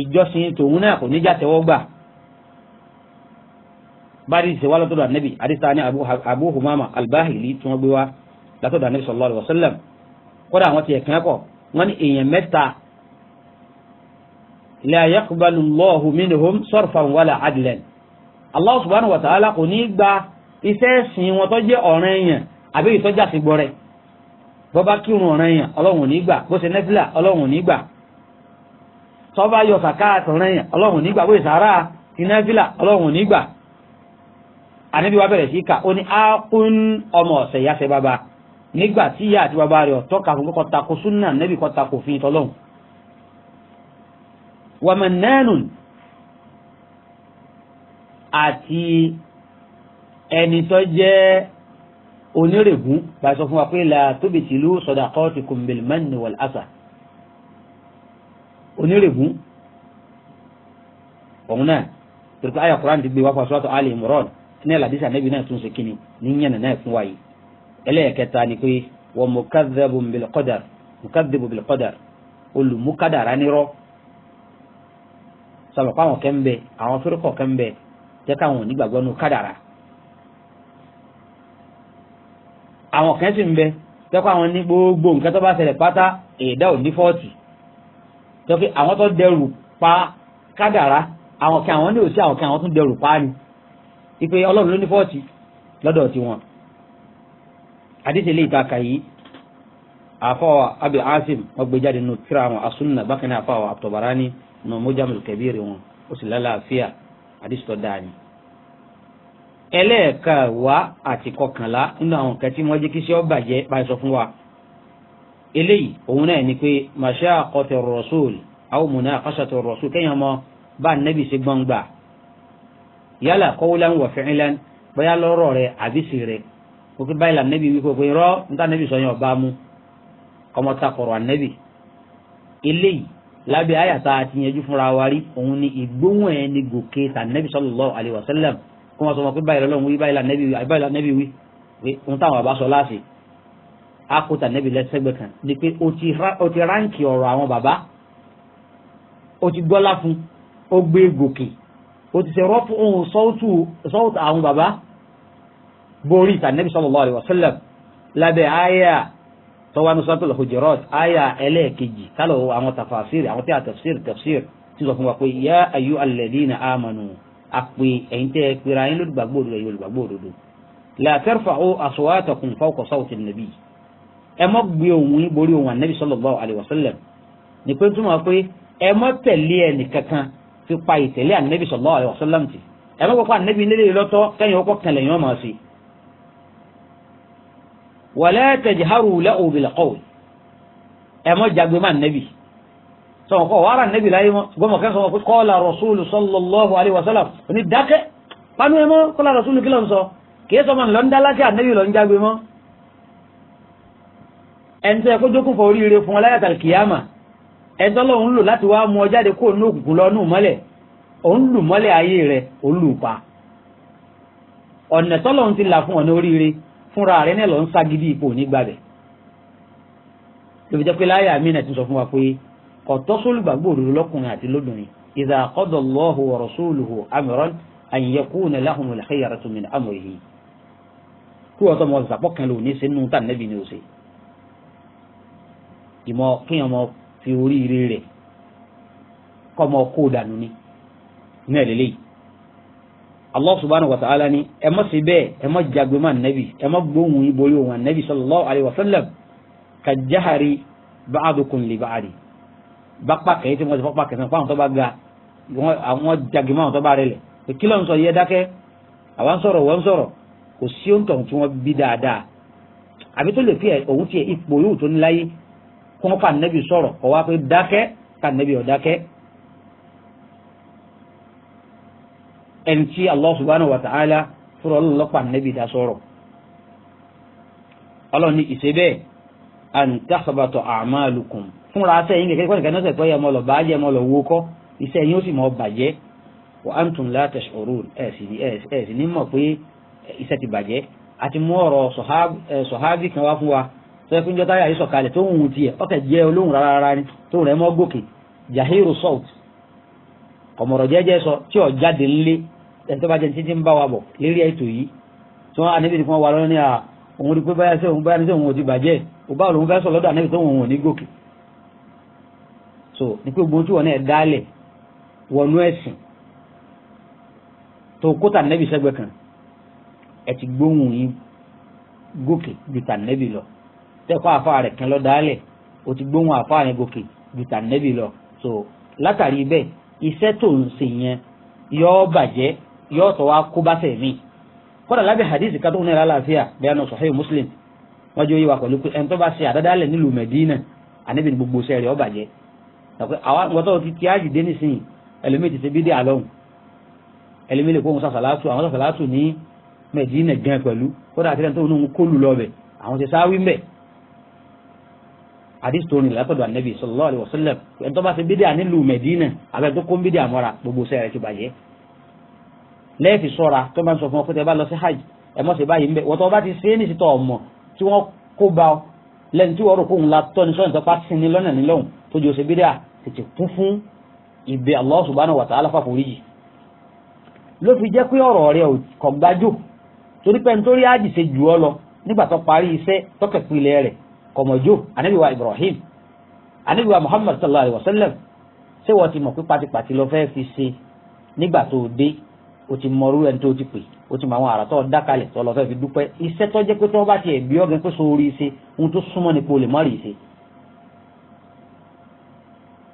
ìjọsìn tòun náà kò ní jà tẹ́wọ́ gbà bari ṣe wá látọ̀dọ̀ ànábì àdìsá ní abu humama albahili tí wọ́n gbé wá látọ̀dọ̀ ànábì sallallahu alaihi wasallam kódà àwọn ti ẹ̀ kàn kọ̀ wọ́n ní èèyàn mẹ́ta la yaqbalu Allahu minhum sarfan wala adlan Allah subhanahu wa ta'ala kò ní gba iṣẹ́ ẹ̀sìn wọn tó jẹ́ ọ̀ràn èèyàn àbí ìtọ́jà sí gbọ́rẹ̀ bó bá kírun ọ̀ràn èèyàn ọlọ́run ò ní gbà bó ṣe nẹ́fìlà ọlọ́run ò ní gbà tó bá yọ sàkáàtì ọ̀ràn èèyàn ọlọ́run ò ní gbà bó ti nẹ́fìlà ọlọ́run ò ní ànábì wa bẹ̀rẹ̀ sí kà ó ní ákún ọmọ ọ̀sẹ̀ yá ṣe bàbá nígbà tí ìyá àti bàbá rẹ̀ ọ̀tọ́ kà fún kọ́ta kó súnà ànábì kọ́ta kò fi tọ́lọ́hùn. wàmẹ̀ nẹ́ẹ̀nùn àti ẹni tó jẹ́ onírègùn bá sọ fún wa pé la tóbi tìlú sadaqatikum bil manni wal asa onírègùn òun náà tòlùkọ́ àyà Kùránì ti gbé wá fún asọ́tò Ali Imran ní àlàdísà nẹ́bí náà tún ṣe kíni ní yànnà náà fún wáyé ẹlẹ́ẹ̀kẹta ni pé wọ́n mukadhabu bil qadar mukadhabu bil qadar olùmúkádàrá nírọ́ sọlọ́pọ̀ àwọn kẹ́ ń bẹ àwọn fẹ́rẹ́kọ̀ kẹ́ ń bẹ jẹ́ káwọn onígbàgbọ́ nu kádàrá àwọn kẹ́ sì ń bẹ tẹ́kọ̀ àwọn ní gbogbo nǹkan tó bá ṣẹlẹ̀ pátá èdè ò fọ́ọ̀tì tọ́kì àwọn tó dẹrù pa kádàrá àwọn kẹ́ àwọn ní òsì àwọn kẹ́ àwọn tún dẹrù pa ni ipe ọlọ́run ló ní fọ́ọ̀tì lọ́dọ̀ tí wọn àdìsí ilé ìtaka yìí àfọwọ abu asim ọgbẹjáde nù tíra wọn asúnà bákan náà àfọwọ àtọ̀bàrání nù mọ́jàmù kẹbíìrì wọn ó sì lálàáfíà àdìsí tó dáa ni. ẹlẹ́ẹ̀kẹwàá àti kọkànlá nínú àwọn nǹkan tí wọ́n jẹ́ kí iṣẹ́ ọ bàjẹ́ bá sọ fún wa eléyìí òun náà ni pé màṣá àkọtẹ̀ rọ̀ṣùl àwọn mùnà àkọṣàtẹ̀ rọ̀ṣùl kẹ́yìn ọmọ bá nẹ́bì gbọ́ngbà yálà kọ́wúlá ń wọ̀ fẹ́ẹ́lá bóyá lọ́rọ̀ rẹ̀ àbísí rẹ̀ kò kí báyìí lànàbí wí pé rọ́ níta nàbí sọ yẹn ọba mú ọmọ takọ̀rọ̀ ànàbí eléyìí lábẹ́ àyàtà àti yẹnjú fúnra wa rí òun ni ìgbóhùn ẹ̀ ni gòkè tànàbí sallallahu alaihi wasallam kí wọ́n sọ wọn pé báyìí lọ́lọ́run wí báyìí lànàbí wí pé òun táwọn àbá sọ láàṣì akóta nẹ́bi lẹ́sẹ̀gbẹ̀ kan ni pé o ti ráǹkì ọ̀rọ̀ àwọn bàbá o ti gbọ́lá fún o gbé gòkè ó ti ṣe rọ́pù ohun sọ́ọ̀tù àwọn bàbá borí ìtànẹ́bí sallallahu alaihi wasallam lábẹ́ àyà tọ́wánú suratul hujurat àyà ẹlẹ́ẹ̀kejì kálọ̀ àwọn tafasiri àwọn tí a tafsir tafsir ti sọ fún wa pé ya ayyuhal ladina amanu àpè ẹ̀yin tẹ́ ẹ pera ẹ̀yin lólùgbàgbọ́ òdodo ẹ̀yin olùgbàgbọ́ òdodo la tarfa'u aswatakum fawqa sawti an-nabi ẹ má gbé ohùn borí ohùn ànẹ́bí sallallahu alaihi wasallam ní pé túmọ̀ pé ẹ má tẹ̀lé ẹnì kankan fi pa ìtẹ̀lé ànábì sallallahu alaihi wasallam tì ẹ má kọ́kọ́ ànábì nílé lọ́tọ́ kẹ́yìn ọkọ̀ kẹlẹ̀ yẹn máa ṣe. wala tajharu lahu bil qawl ẹ má jagbe má ànábì sọ̀rọ̀ kọ́ wàhálà ànábì láyé mọ́ gbọ́mọ̀ kẹ́ sọ̀rọ̀ qala rasulu sallallahu alaihi wasallam oní dákẹ́ panu ẹ mọ́ qala rasulu kí ló ń sọ kìí sọmọ ńlọ ń dálá sí ànábì lọ ń jágbe mọ́ ẹni kó jókòó fọ oríire fún ọláyàtàl kìyàmà ẹjọ́ lọ́hún lò láti wá mú ọ jáde kó ní òkùnkùn lọ́nù mọ́lẹ̀ òun lù mọ́lẹ̀ ayé rẹ̀ òun lù pa ọ̀nà tọ́lọ́hún ti là fún ọ̀nà oríire fúnra rẹ̀ náà lọ́ ń ságídí ipò nígbàbẹ̀ lóbi jẹ́ pé láyà amínà ti sọ fún wa pé ọ̀tọ́ sólùgbàgbọ́ òdodo lọ́kùnrin àti lóbìnrin idha qadallahu wa rasuluhu amran an yakuna lahumul kí wọ́n àti oríire rẹ̀ kọmọ kó dànù ni ní ẹ̀lẹ́lẹ́ yìí allah subhanahu wa ta'ala ni ẹ má ṣe bẹ́ẹ̀ ẹ má jagbe mọ́ ànábì ẹ má gbóhùn ìborí òun ànábì sallallahu alayhi wa sallam ka jahari ba'dukum li ba'di bápá kẹ́yìn tí wọ́n ti fọ́pá kẹ́sàn-án fáwọn tó bá ga àwọn jagbe tó bá rẹ̀ lẹ̀ kí ló yẹ dákẹ́ àwa ń sọ̀rọ̀ wọ́n sọ̀rọ̀ kò sí òǹtọ̀ tí wọ́n bí dáadáa àbí tó lè fi òun tiẹ̀ ipò yóò tó ní láyé kó wọn fà nẹ́bì sọ̀rọ̀ kọ́ wá pé dákẹ́ ká nẹ́bì ọ̀ dákẹ́. ẹni tí Allah subhanahu wa ta'ala fúnra ọlọ́pàá nẹ́bì dá sọ̀rọ̀ ọlọ́ni ìṣebẹ́ àǹtàkàbàtọ̀ àmàlùkùn fúnra sẹ́yìn kẹ̀kẹ́ kọ́nìkan náà sẹ̀kọ́ yẹ mọ́ lọ bàájẹ́ mọ́ lọ wókọ́ iṣẹ́ yóò sì mọ́ bàjẹ́ wa antum la tash'urun ẹ̀sìn ní mọ̀ pé iṣẹ́ ti bàjẹ́ àti mú ọ̀rọ̀ sọ̀hábì kan wá fún wa sọ pé njọta yà yìí sọ̀kalẹ̀ tó ń wù tiẹ̀ ọkẹ jẹ́ olóhùn rárá rárá ni tó rẹ̀ mọ́ gòkè jahiru salt ọ̀mọ̀rọ̀ jẹ́jẹ́ sọ tí ò jáde ńlé ẹni tó bá jẹ títí ń bá wa bọ̀ lérí ètò yìí tí wọ́n anábì fún wa lọ́nà òun rí pé báyà sí òun báyà sí òun ti bàjẹ́ òbá òun fẹ́ sọ lọ́dọ̀ anábì tó òun ní gòkè so ní pé gbogbo tí wọn náà dálẹ̀ wọnú ẹ̀sìn tó kó tànẹ́bì sẹ́gbẹ̀ kan gòkè ju tànẹ́bì lọ tẹ́kọ̀ àfa rẹ̀ kan lọ dálẹ̀ o ti gbóhùn àfa rẹ̀ gòkè gbìtà nẹ́bì lọ so látàrí bẹ́ẹ̀ iṣẹ́ tó ń ṣe yẹn yọ́ọ́ bàjẹ́ yọ́ọ́ tọ́ wa kó bá fẹ̀ mí kọ́dà lábẹ́ hadith kan tó ń rẹ̀ lálàáfíà bẹ́ẹ̀ náà sahih muslim wọ́n jẹ́ oyè wa pẹ̀lú pé ẹni tó bá ṣe àdádálẹ̀ nílùú Medina àníbi ní gbogbo iṣẹ́ rẹ̀ ó bàjẹ́ àwọn àgbọ̀tọ̀ ti ti ájì dé nísìnyí ẹlòmíì ti ṣe bídé àlọ́hùn ẹlòmíì lè kó òun sàṣàlátù àwọn sàṣàlátù ní Medina gan pẹ̀lú kódà àti ẹni tó ń kólu lọ bẹ̀ àwọn ti sáwí mbẹ̀ àdìsí tó rìn lápẹ̀dọ̀ ànẹ́bí sallallahu alaihi wasallam ẹni tó bá ti bídíà nílùú mẹ̀dínà àbẹ̀ tó kún bídíà mọ́ra gbogbo sẹ́yà rẹ̀ ti bàjẹ́ lẹ́ẹ̀fì sọ́ra tó máa ń sọ fún ọ pé tẹ bá lọ sí hajj ẹ mọ̀ sí báyìí mbẹ́ wọ́n tó bá ti ṣe é ní ìsìtọ̀ tí wọ́n kó ba ọ tí wọ́n rò kóhun la tọ́ sọ́yìn tó pa sinmi Allah subhanahu wa ta'ala fàforíjì ló fi jẹ́ pé ọ̀rọ̀ rẹ̀ kọ̀ gbájò torí pé nítorí àjì ṣe jù ọ lọ nígbà tó parí iṣẹ́ kọmọjó anabi wa ibrahim anabi wa muhammad sallallahu alayhi wa sallam ṣé wọ́n ti mọ̀ pé pátipàti lọ fẹ́ fi ṣe nígbà tó o dé o ti mọ orúkọ ẹni tó o ti pè o ti mọ àwọn àràtọ̀ dákalẹ̀ tó lọ fẹ́ fi dúpẹ́ iṣẹ́ tó jẹ́ pé tó bá tiẹ̀ bí ọ̀gẹ́ pé sórí ṣe ohun tó súnmọ́ ni kò lè rí ṣe.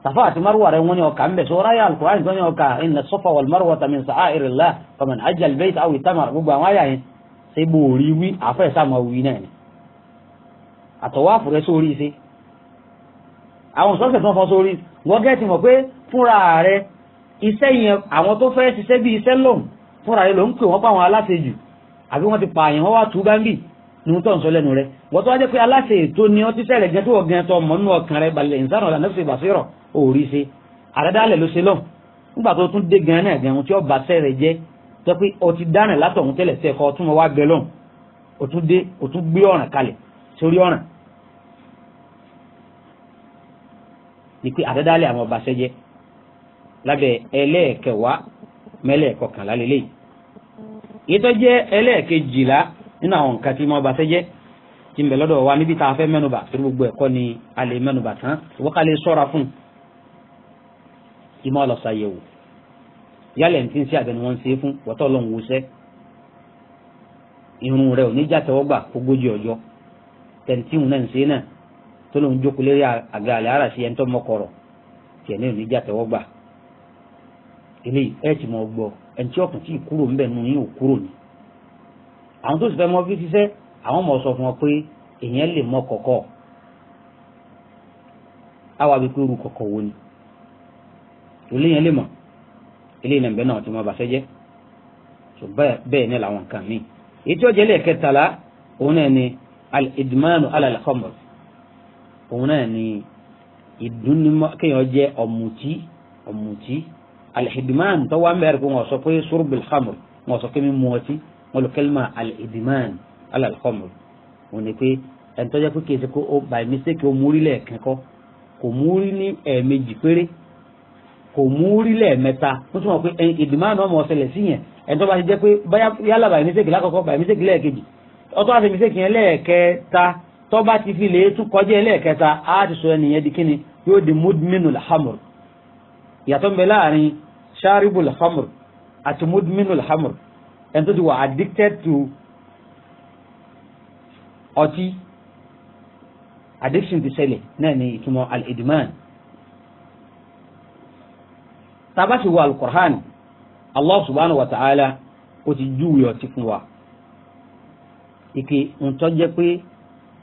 Safa àti Marwa rẹ̀ wọ́n ní ọkà ń bẹ̀ sọ ráyà alukur'an tó ní ọkà inna Safa wal Marwata min sha'airillah faman hajja al-bayta aw itamara gbogbo àwọn àyà yẹn ṣé bò rí wí àfẹ́ sàmọ̀ wí náà àtọ̀wáàfù rẹ sórí ṣe àwọn sọ́ọ̀sẹ̀ tó ń fọ́ sórí wọ́n gẹ́tì mọ̀ pé fúnra rẹ iṣẹ́ yẹn àwọn tó fẹ́ ṣiṣẹ́ bí iṣẹ́ lòun fúnra rẹ ló ń pè wọ́n pa àwọn aláṣejù àbí wọ́n ti pa àyàn wọ́n wá tú bámbì ní tó ń sọ lẹ́nu rẹ wọ́n tó wá jẹ́ pé aláṣẹ ètò ni wọ́n ti sẹ́rẹ̀ jẹ́ tó wọ́n gan tó mọ́nú ọkàn rẹ balẹ̀ ìsánà ọ̀là ọ̀ràn ni pé àdádálẹ̀ àwọn ọba ṣẹ́jẹ́ lábẹ́ ẹlẹ́ẹ̀kẹwàá mẹ́lẹ́ẹ̀kọkànlá lélẹ́yìí èyí tó jẹ́ ẹlẹ́ẹ̀kejìlá nínú àwọn nǹkan tí mo ọba ṣẹ́jẹ́ tí ń bẹ lọ́dọ̀ wa níbi tá a fẹ́ mẹ́nubà torí gbogbo ẹ̀kọ́ ni a lè mẹ́nubà tán wọ́n ká lè sọ́ra fún ìmọ̀ ọlọ́sàyẹ̀wò yálẹ̀ ní ti ń ṣe àbẹ̀ni wọ́n ń ṣe fún wọ́tọ́ lọ́n wọṣẹ́ irun rẹ̀ ò ní jàtẹ́wọ́gbà ogójì ọjọ́ tẹ̀ntìhùn náà ń ṣe náà tó lóun jókòó lérí àga àlẹ́ ara sí ẹni tó mọ́kọ̀rọ̀ tiẹ̀ ní ìrìnjà tẹ́wọ́ gbà eléyìí ẹ̀ ti mọ̀ gbọ́ ẹni tí ọkùn tí kúrò ń bẹ̀ nu yín ò kúrò ni àwọn tó sì fẹ́ mọ fi ṣiṣẹ́ àwọn mọ̀ sọ fún ọ pé èèyàn lè mọ kọ̀kọ́ àwa bíi pé irú kọ̀kọ́ wo ni eléyàn lè mọ̀ eléyìí nàìjíríà náà ti mọ bàṣẹ́ jẹ́ so bẹ́ẹ̀ ni làwọn nǹkan míì ètò ọjọ́ ilé kẹtàlá òun náà ni al-idmanu ala al òun náà ni ìdúnnimọ́ kéèyàn jẹ́ ọ̀mùtí ọ̀mùtí alìhìdìmán tó wá ń bẹ̀rẹ̀ pé wọ́n sọ pé surbil khamr wọ́n sọ pé mi mu ọtí wọ́n lo kẹ́lìmà alìhìdìmán alàlùkọ́mù òun ni pé ẹni tó jẹ́ pé kìí ṣe pé ó by mistake ó múrí lẹ́ẹ̀kan kọ́ kò múrí ní ẹ̀ẹ̀mejì péré kò múrí lẹ́ẹ̀mẹ́ta ó túmọ̀ pé ìdìmán náà mọ̀ ọ̀sẹ̀lẹ̀ sí yẹn ẹni tó bá ti jẹ́ pé yálà by mistake lákọ̀ọ́kọ́ by mistake lẹ́ẹ̀kejì ọtọ́ àti mistake yẹn lẹ́ẹ̀kẹta tó bá ti fi lè tún kọjá ẹlẹ́ẹ̀kẹta á ti sọ ẹnìyẹn di kíni yóò di mudminul hamr ìyàtọ̀ ń bẹ láàrin sharibul hamr àti mudminul hamr ẹni tó ti wà addicted to ọtí addiction ti ṣẹlẹ̀ náà ni ìtumọ̀ al-idman tabasi wa al-Qur'an Allah subhanahu wa ta'ala ó ti júwe ọtí fún wa ike ń tọ́jẹ́ pé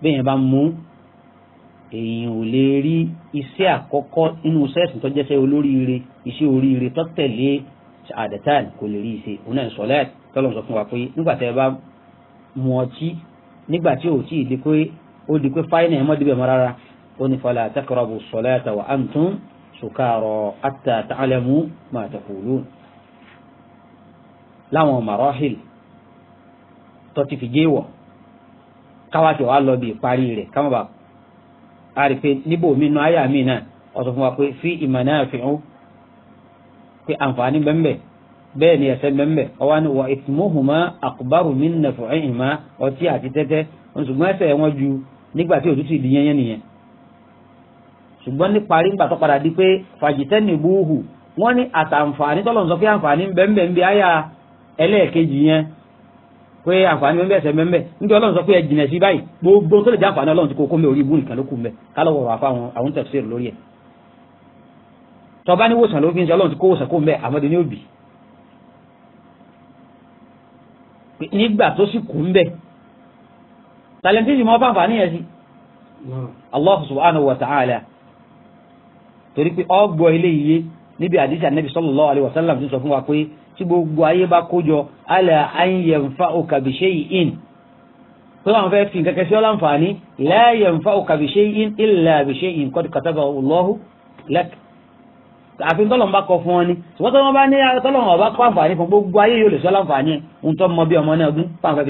bẹ́ẹ̀ bá mú èèyàn ò lè rí iṣẹ́ àkọ́kọ́ nínú sẹ́ẹ̀sì tó jẹ́ sẹ́ olóríire iṣẹ́ oríire tó tẹ̀lé àdẹ̀tàn kò lè rí iṣẹ́ òun náà sọ̀lẹ́ tọ́lọ̀ sọ fún wa pé nígbà tẹ́ ẹ bá mu ọtí nígbà tí ò tí pé ó di pé fáínà ẹ̀ mọ́ dibẹ̀ mọ́ rárá ó ní fala taqrabu salata wa antum sukara hatta ta'lamu ma taqulun láwọn marahil tó ti fi gé wọ̀ káwá tí wàá lọ bí ìparí rẹ̀ káwọn bá a rí pé níbo mi nu àyà mi náà ọ̀sọ̀ fún wa pé fi ìmọ̀ náà fi hàn pé àǹfààní bẹ́ẹ̀ bẹ́ẹ̀ ni ẹ̀sẹ̀ bẹ́ẹ̀ ọwọ́ ni wà ìtìmọ́hùnmá àkùbárù mi nà fún ìmá ọtí àti tẹ́tẹ́ ṣùgbọ́n ẹsẹ̀ wọn ju nígbà tí òtútù ìdí yẹn nìyẹn ṣùgbọ́n ní parí ńgbà padà di pé fàjìtẹ́nì búhù wọ́n ní àtàǹfààní tọ́lọ̀ pé àǹfààní mẹ́mbẹ́ ẹ̀sẹ̀ mẹ́mbẹ́ níbi ọlọ́run sọ pé ẹ jìnà sí báyìí gbogbo tó lè jẹ́ àǹfààní ọlọ́run ti kókó mẹ́ orí ibú nìkan ló kù mẹ́ kálọ̀wọ̀ wà fáwọn àwọn tẹ̀síìrì lórí ẹ̀ tọba ní wòsàn ló fi ń sọ ọlọ́run ti kó wòsàn kó mẹ́ àmọ́dé ní òbí nígbà tó sì kù ń bẹ̀ tàlẹ́ntì sì mọ́ bá àǹfààní yẹn sí Allah subhanahu wa iye níbi àdìsí ànábì sallallahu alaihi wasallam tó sọ fún wa pé tí gbogbo ayé bá kójọ ala an yanfa'uka bi shay'in tó láwọn fẹ́ fi kẹkẹ sí ọ láǹfààní la yanfa'uka bi shay'in illa bi shay'in qad katabahu Allahu lak àfi tọ́lọ̀n bá kọ fún ọ ni ṣùgbọ́n tọ́lọ́n bá ní tọ́lọ̀n ọba kọ́ àǹfààní fún gbogbo ayé yóò lè sọ láǹfààní ń tọ́ mọ bí ọmọ náà gún pàǹfà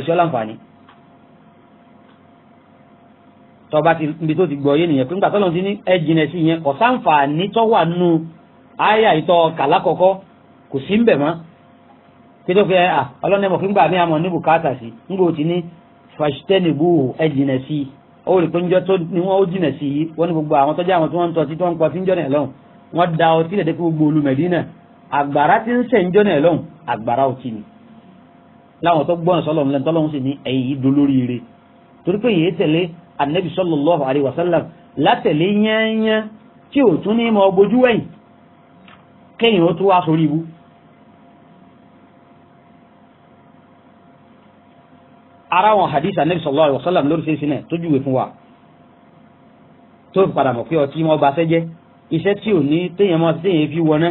fi Aya ìtọ̀ kala kọ̀kọ́ kò sí ń bẹ̀ mọ́ pété pé à ọlọ́ni ẹ̀mọ̀ fún gbà mí àmọ́ ní bùkátà sí ńgbò tí ní fàṣítẹ́nìbù ẹ̀ jìnà sí i ó rí pé níjọ́ tó ni wọ́n ó jìnà sí i wọ́n ní gbogbo àwọn tọ́jú àwọn tí wọ́n ń tọ́ sí tí wọ́n ń pọ̀ sí ń jọ́nà ẹ̀ lọ́hùn wọ́n da ọtí lẹ̀ dẹ́kun gbogbo olùmẹ̀dínà àgbàrá tí ń sẹ̀ ń ẹ̀ lọ́hùn àgbàrá ọtí ni láwọn tó gbọ́n sọlọ́run lẹ́nu tọ́lọ́run sì ní ẹ̀yìn yìí dolóríire torí pé yìí tẹ̀lé anabi sallallahu alaihi wasallam látẹ̀lé yẹ́nyẹ́ tí ò tún ní mọ ojú wẹ̀yìn kéyìn ó tó wá sórí ibú ara wọn hadith anabi sallallahu alaihi wasallam lórí ṣe sinẹ tó júwe fún wa tó fi padà mọ̀ pé ọtí mọ́ bá sẹ́jẹ́ iṣẹ́ tí ò ní téèyàn mọ́ téèyàn fi wọná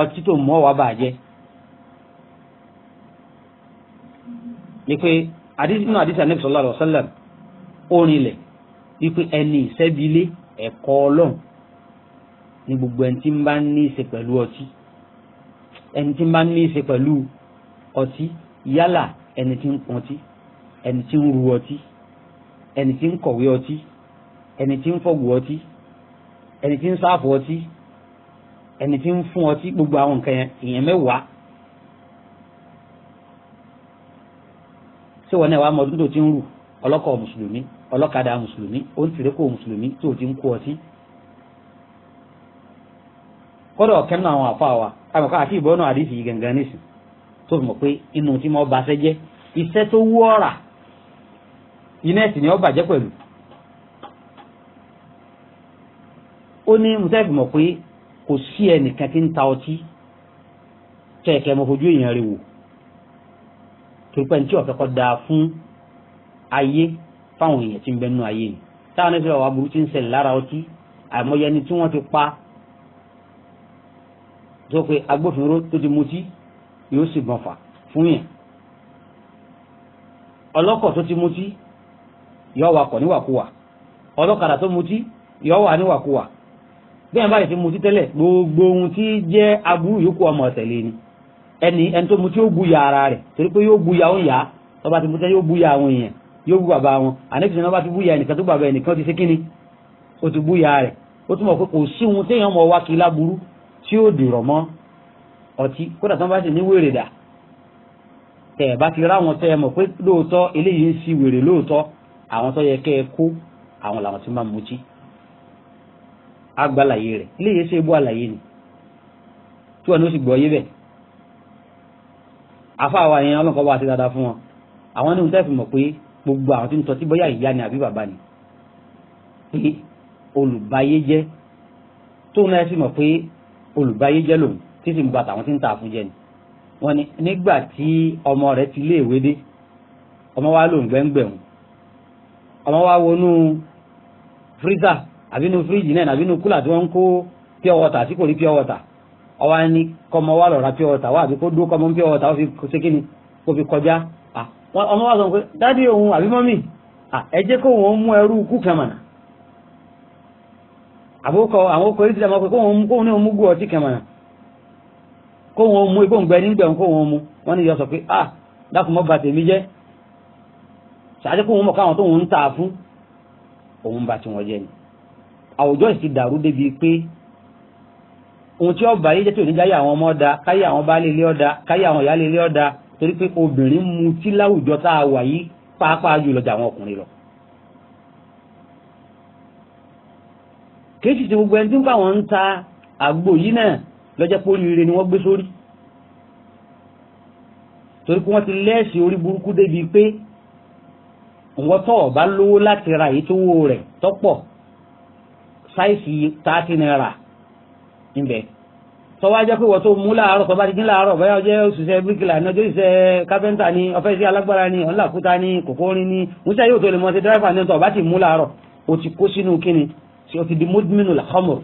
ọtí tó mọ́ wá bàjẹ́ ni pé hadith nínú hadith anabi sallallahu alaihi wasallam ó rinlẹ̀ wípé ẹni ìṣẹ́bilé ẹ̀kọ́ ọlọ́run ní gbogbo ẹni tí ń bá ní í ṣe pẹ̀lú ọtí ẹni tí ń bá ní í ṣe pẹ̀lú ọtí yálà ẹni tí ń pọn ọtí ẹni tí ń ru ọtí ẹni tí ń kọ̀wé ọtí ẹni tí ń fọ̀gù ọtí ẹni tí ń sáàfù ọtí ẹni tí ń fún ọtí gbogbo àwọn nǹkan èèyàn mẹ́wàá tí wọn náà wàá mọ tó ti ń rù ọlọ́kọ̀ mùsùlùmí ọlọ́kadà mùsùlùmí ó ń tìrẹ́kọ̀ mùsùlùmí tó ti ń kú ọtí kọ́dọ̀ ọ̀kẹ́m náà àwọn àfa wa àmọ̀ká àti ìbọnú àdìsí yìí gangan nísìn tó mọ̀ pé inú tí mo baṣẹ́ jẹ́ iṣẹ́ tó wú ọ̀rà iná ẹ̀sìn ni ó bàjẹ́ pẹ̀lú. ó ní mùsẹ́fì mọ̀ pé kò sí ẹnìkan tí ń ta ọtí kẹ̀kẹ́ mo fojú èèyàn rẹ̀ wò torí pé ní tí ọ̀fẹ́ kọ́ da fún ayé fáwọn èèyàn tí ń bẹ nínú ayé yìí táwọn ẹ̀fẹ́ wà burú ti ń ṣẹlẹ̀ lára ọtí àìmọye ẹni tí wọ́n ti pa tó pé agbófinró tó ti mutí yóò sì bọ̀n fà fún yẹn ọlọ́kọ̀ tó ti mutí yóò wakọ̀ níwàkuwà ọlọ́kadà tó mutí yóò wà níwàkuwà bí ẹ̀ báyìí ti mutí tẹ́lẹ̀ gbogbo ohun tí jẹ́ aburú yòókù ọmọ ọ̀tẹ̀lé ni ẹni ẹni tó mutí yóò buya ara rẹ̀ torí pé yóò buya òun yá tọ́ba ti mutí yóò buya àwọn èèyàn yóò bú bàbá wọn àníkìsìn náà bá ti búya ẹnìkan tó bàbá ẹnìkan ti ṣe kínni ó ti búya rẹ̀ ó túmọ̀ pé kò sí téèyàn mọ̀ wá kí láburú tí ó dìrọ̀ mọ́ ọtí kódà tí wọ́n bá sì ní wèrè dà tẹ̀ ẹ̀ bá ti ráwọn tẹ́ ẹ mọ̀ pé lóòótọ́ eléyìí ń si wèrè lóòótọ́ àwọn tó yẹ kẹ́ ẹ kó àwọn làwọn ti máa mutí agbàlàyé rẹ̀ eléyìí ṣe bó àlàyé ni tí wọn ní ó sì gbọ́ yé bẹ̀ àfáàwà yẹn ọlọ́kọ̀ wá sí dáadáa fún wọn àwọn ní oúnjẹ mọ̀ pé gbogbo àwọn tí ń tọ́tí bóyá ìyá ni àbí bàbá ni pé olùbáyé jẹ́ tóun náà sì mọ̀ pé olùbáyé jẹ́ lòun tí sì ń bàtà àwọn tí ń ta fún ni wọ́n ní nígbà tí ọmọ rẹ̀ ti lé ìwé dé ọmọ wa lòun gbẹ́ngbẹ̀hún ọmọ wa wọnú freezer àbínú fíríjì náà àbínú kúlà tí wọ́n ń kó pure water tí kò rí pure water ọwọ́ á ní kọ́mọ wa lọ́ọ́ pure water wá àbí kó dúró kọ́mọ pure water ó fi ṣe kí ni kó fi kọjá ọmọ wa sọ pé dádì òun àbí mọ́mì ẹ jẹ́ kóun ó mú ẹrú kú kan àbókọ àwọn okò orí ti dàmọ́ pé kóhun ní omú gùn ọtí kẹmọ̀nà kóhun omú ikó ń gbẹ nígbẹ̀rún kóhun omú wọ́n ní yọ sọ pé ah dákun mọ́ bà tèmi jẹ́ ṣáájú kóhun mọ̀ káwọn tóhun ń tà fún òun bá tiwọn jẹ́ ni àwùjọ ìsì dàrú débi pé ohun tí ọba yìí jẹ́ tí oníjà yà àwọn ọmọ ọ̀dà káyà àwọn baálé ilé ọ̀dà káyà àwọn ìyáálé ilé ọ̀dà torí pé obìnrin mutí láwùjọ tá a wà yìí pàápàá jùlọ jà àwọn ọkùnrin lọ kìí sì ṣe gbogbo ẹni tí ń pa wọn ń ta àgbo yìí náà lọ́jọ́ pé oríire ni wọ́n gbé sórí torí pé wọ́n ti lẹ́ẹ̀sì orí burúkú débi pé wọ́n tọ̀ bá lówó láti ra èyí tó wó rẹ̀ tọ́pọ̀ sáìsì tààtì náírà níbẹ̀ tọ́wá jẹ́ pé wọ́n tó mú láàárọ̀ tọ́ba ti dín láàárọ̀ bóyá ọjọ́ òṣìṣẹ́ bíríkìlà ní ọjọ́ ìṣẹ́ kápẹ́ńtà ní ọ̀fẹ́sí alágbára ní ọ̀làkúta ní kòkórin ní musa yóò tó lè mọ ṣe dírẹ́fà ní ọ̀tọ̀ ọ̀bá ti mú láàárọ̀ ó ti kó sínú kíni tí ó ti di mudminu lakhamur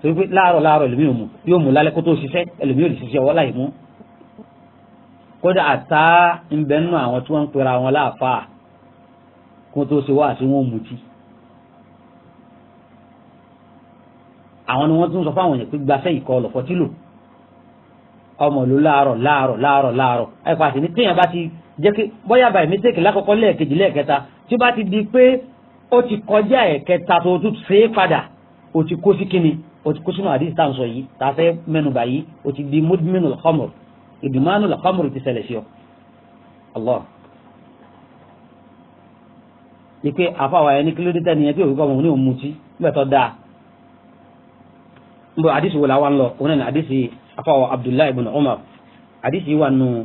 torí pé láàárọ̀ láàárọ̀ ẹlòmí yóò mú yóò mú lálẹ́ kó tó ṣiṣẹ́ ẹlòmí yóò lè ṣiṣẹ́ ọwọ́ láì mú kódà àtá ń bẹ nínú àwọn tí wọ́n ń pera wọn láàfáà kó tó ṣe wá àti wọn mutí àwọn ni wọ́n tún sọ fáwọn yẹn pé gbaṣẹ́ ìkọ ọlọ́fọ́ tí lò ọmọ ìlú láàárọ̀ láàárọ̀ láàárọ̀ láàárọ̀ ẹ pàṣẹ ní téèyàn bá ti jẹ́ kí bóyá báyìí mistake lákọ̀ọ́kọ́ lẹ́ẹ̀kejì lẹ́ẹ̀kẹta tí ó bá ti di pé ó ti kọjá ẹ̀kẹta tó tún ṣe é padà ó ti kó sí kíni ó ti kó sínú àdìsí tá à ń sọ yìí tá a fẹ́ mẹ́nubà yìí ó ti di mudminu al ìdùnmánú al ti ṣẹlẹ̀ sí ọ. Allah ni pé àfàwà ẹni kí ló dé tẹ́ni yẹn pé òkúkọ́ òun ní òun mutí nígbà tó dáa níbo àdìsí wo làwa ń lọ òun náà àdìsí àfàwà Abdullahi ibn Umar àdìsí wà nù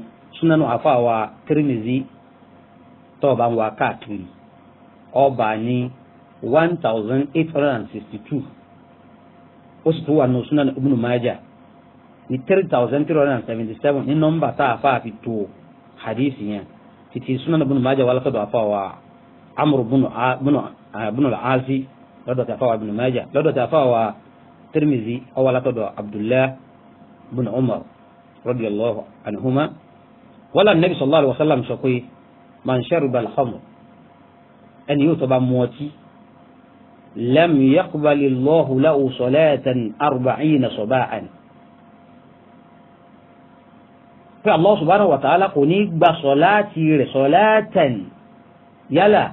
káàkiri ọba ní one thousand eight hundred and sixty two ó sì tún wà ní Sunan Ibn Majah ní three thousand three hundred and seventy seven ní nọ́mbà tá a fà fi tó hadith yẹn títí Sunan Ibn wà lọ́sọ̀dọ̀ àfà wa amúrú bùnú al lọ́dọ̀ tí a fà wa Ibn lọ́dọ̀ tí a fà wa Tirmidhi ọwọ́ lọ́sọ̀dọ̀ Abdullah bùnú Umar radiyallahu anhuma wala nabi sallallahu alaihi wa sallam sọ pé man shariba ẹni yóò tó bá mu ọtí lam yaqbali Allahu lahu salatan arba'ina saba'an. pé Allah subhanahu wa ta'ala kò ní gba sọláàtì rẹ̀ salatan yálà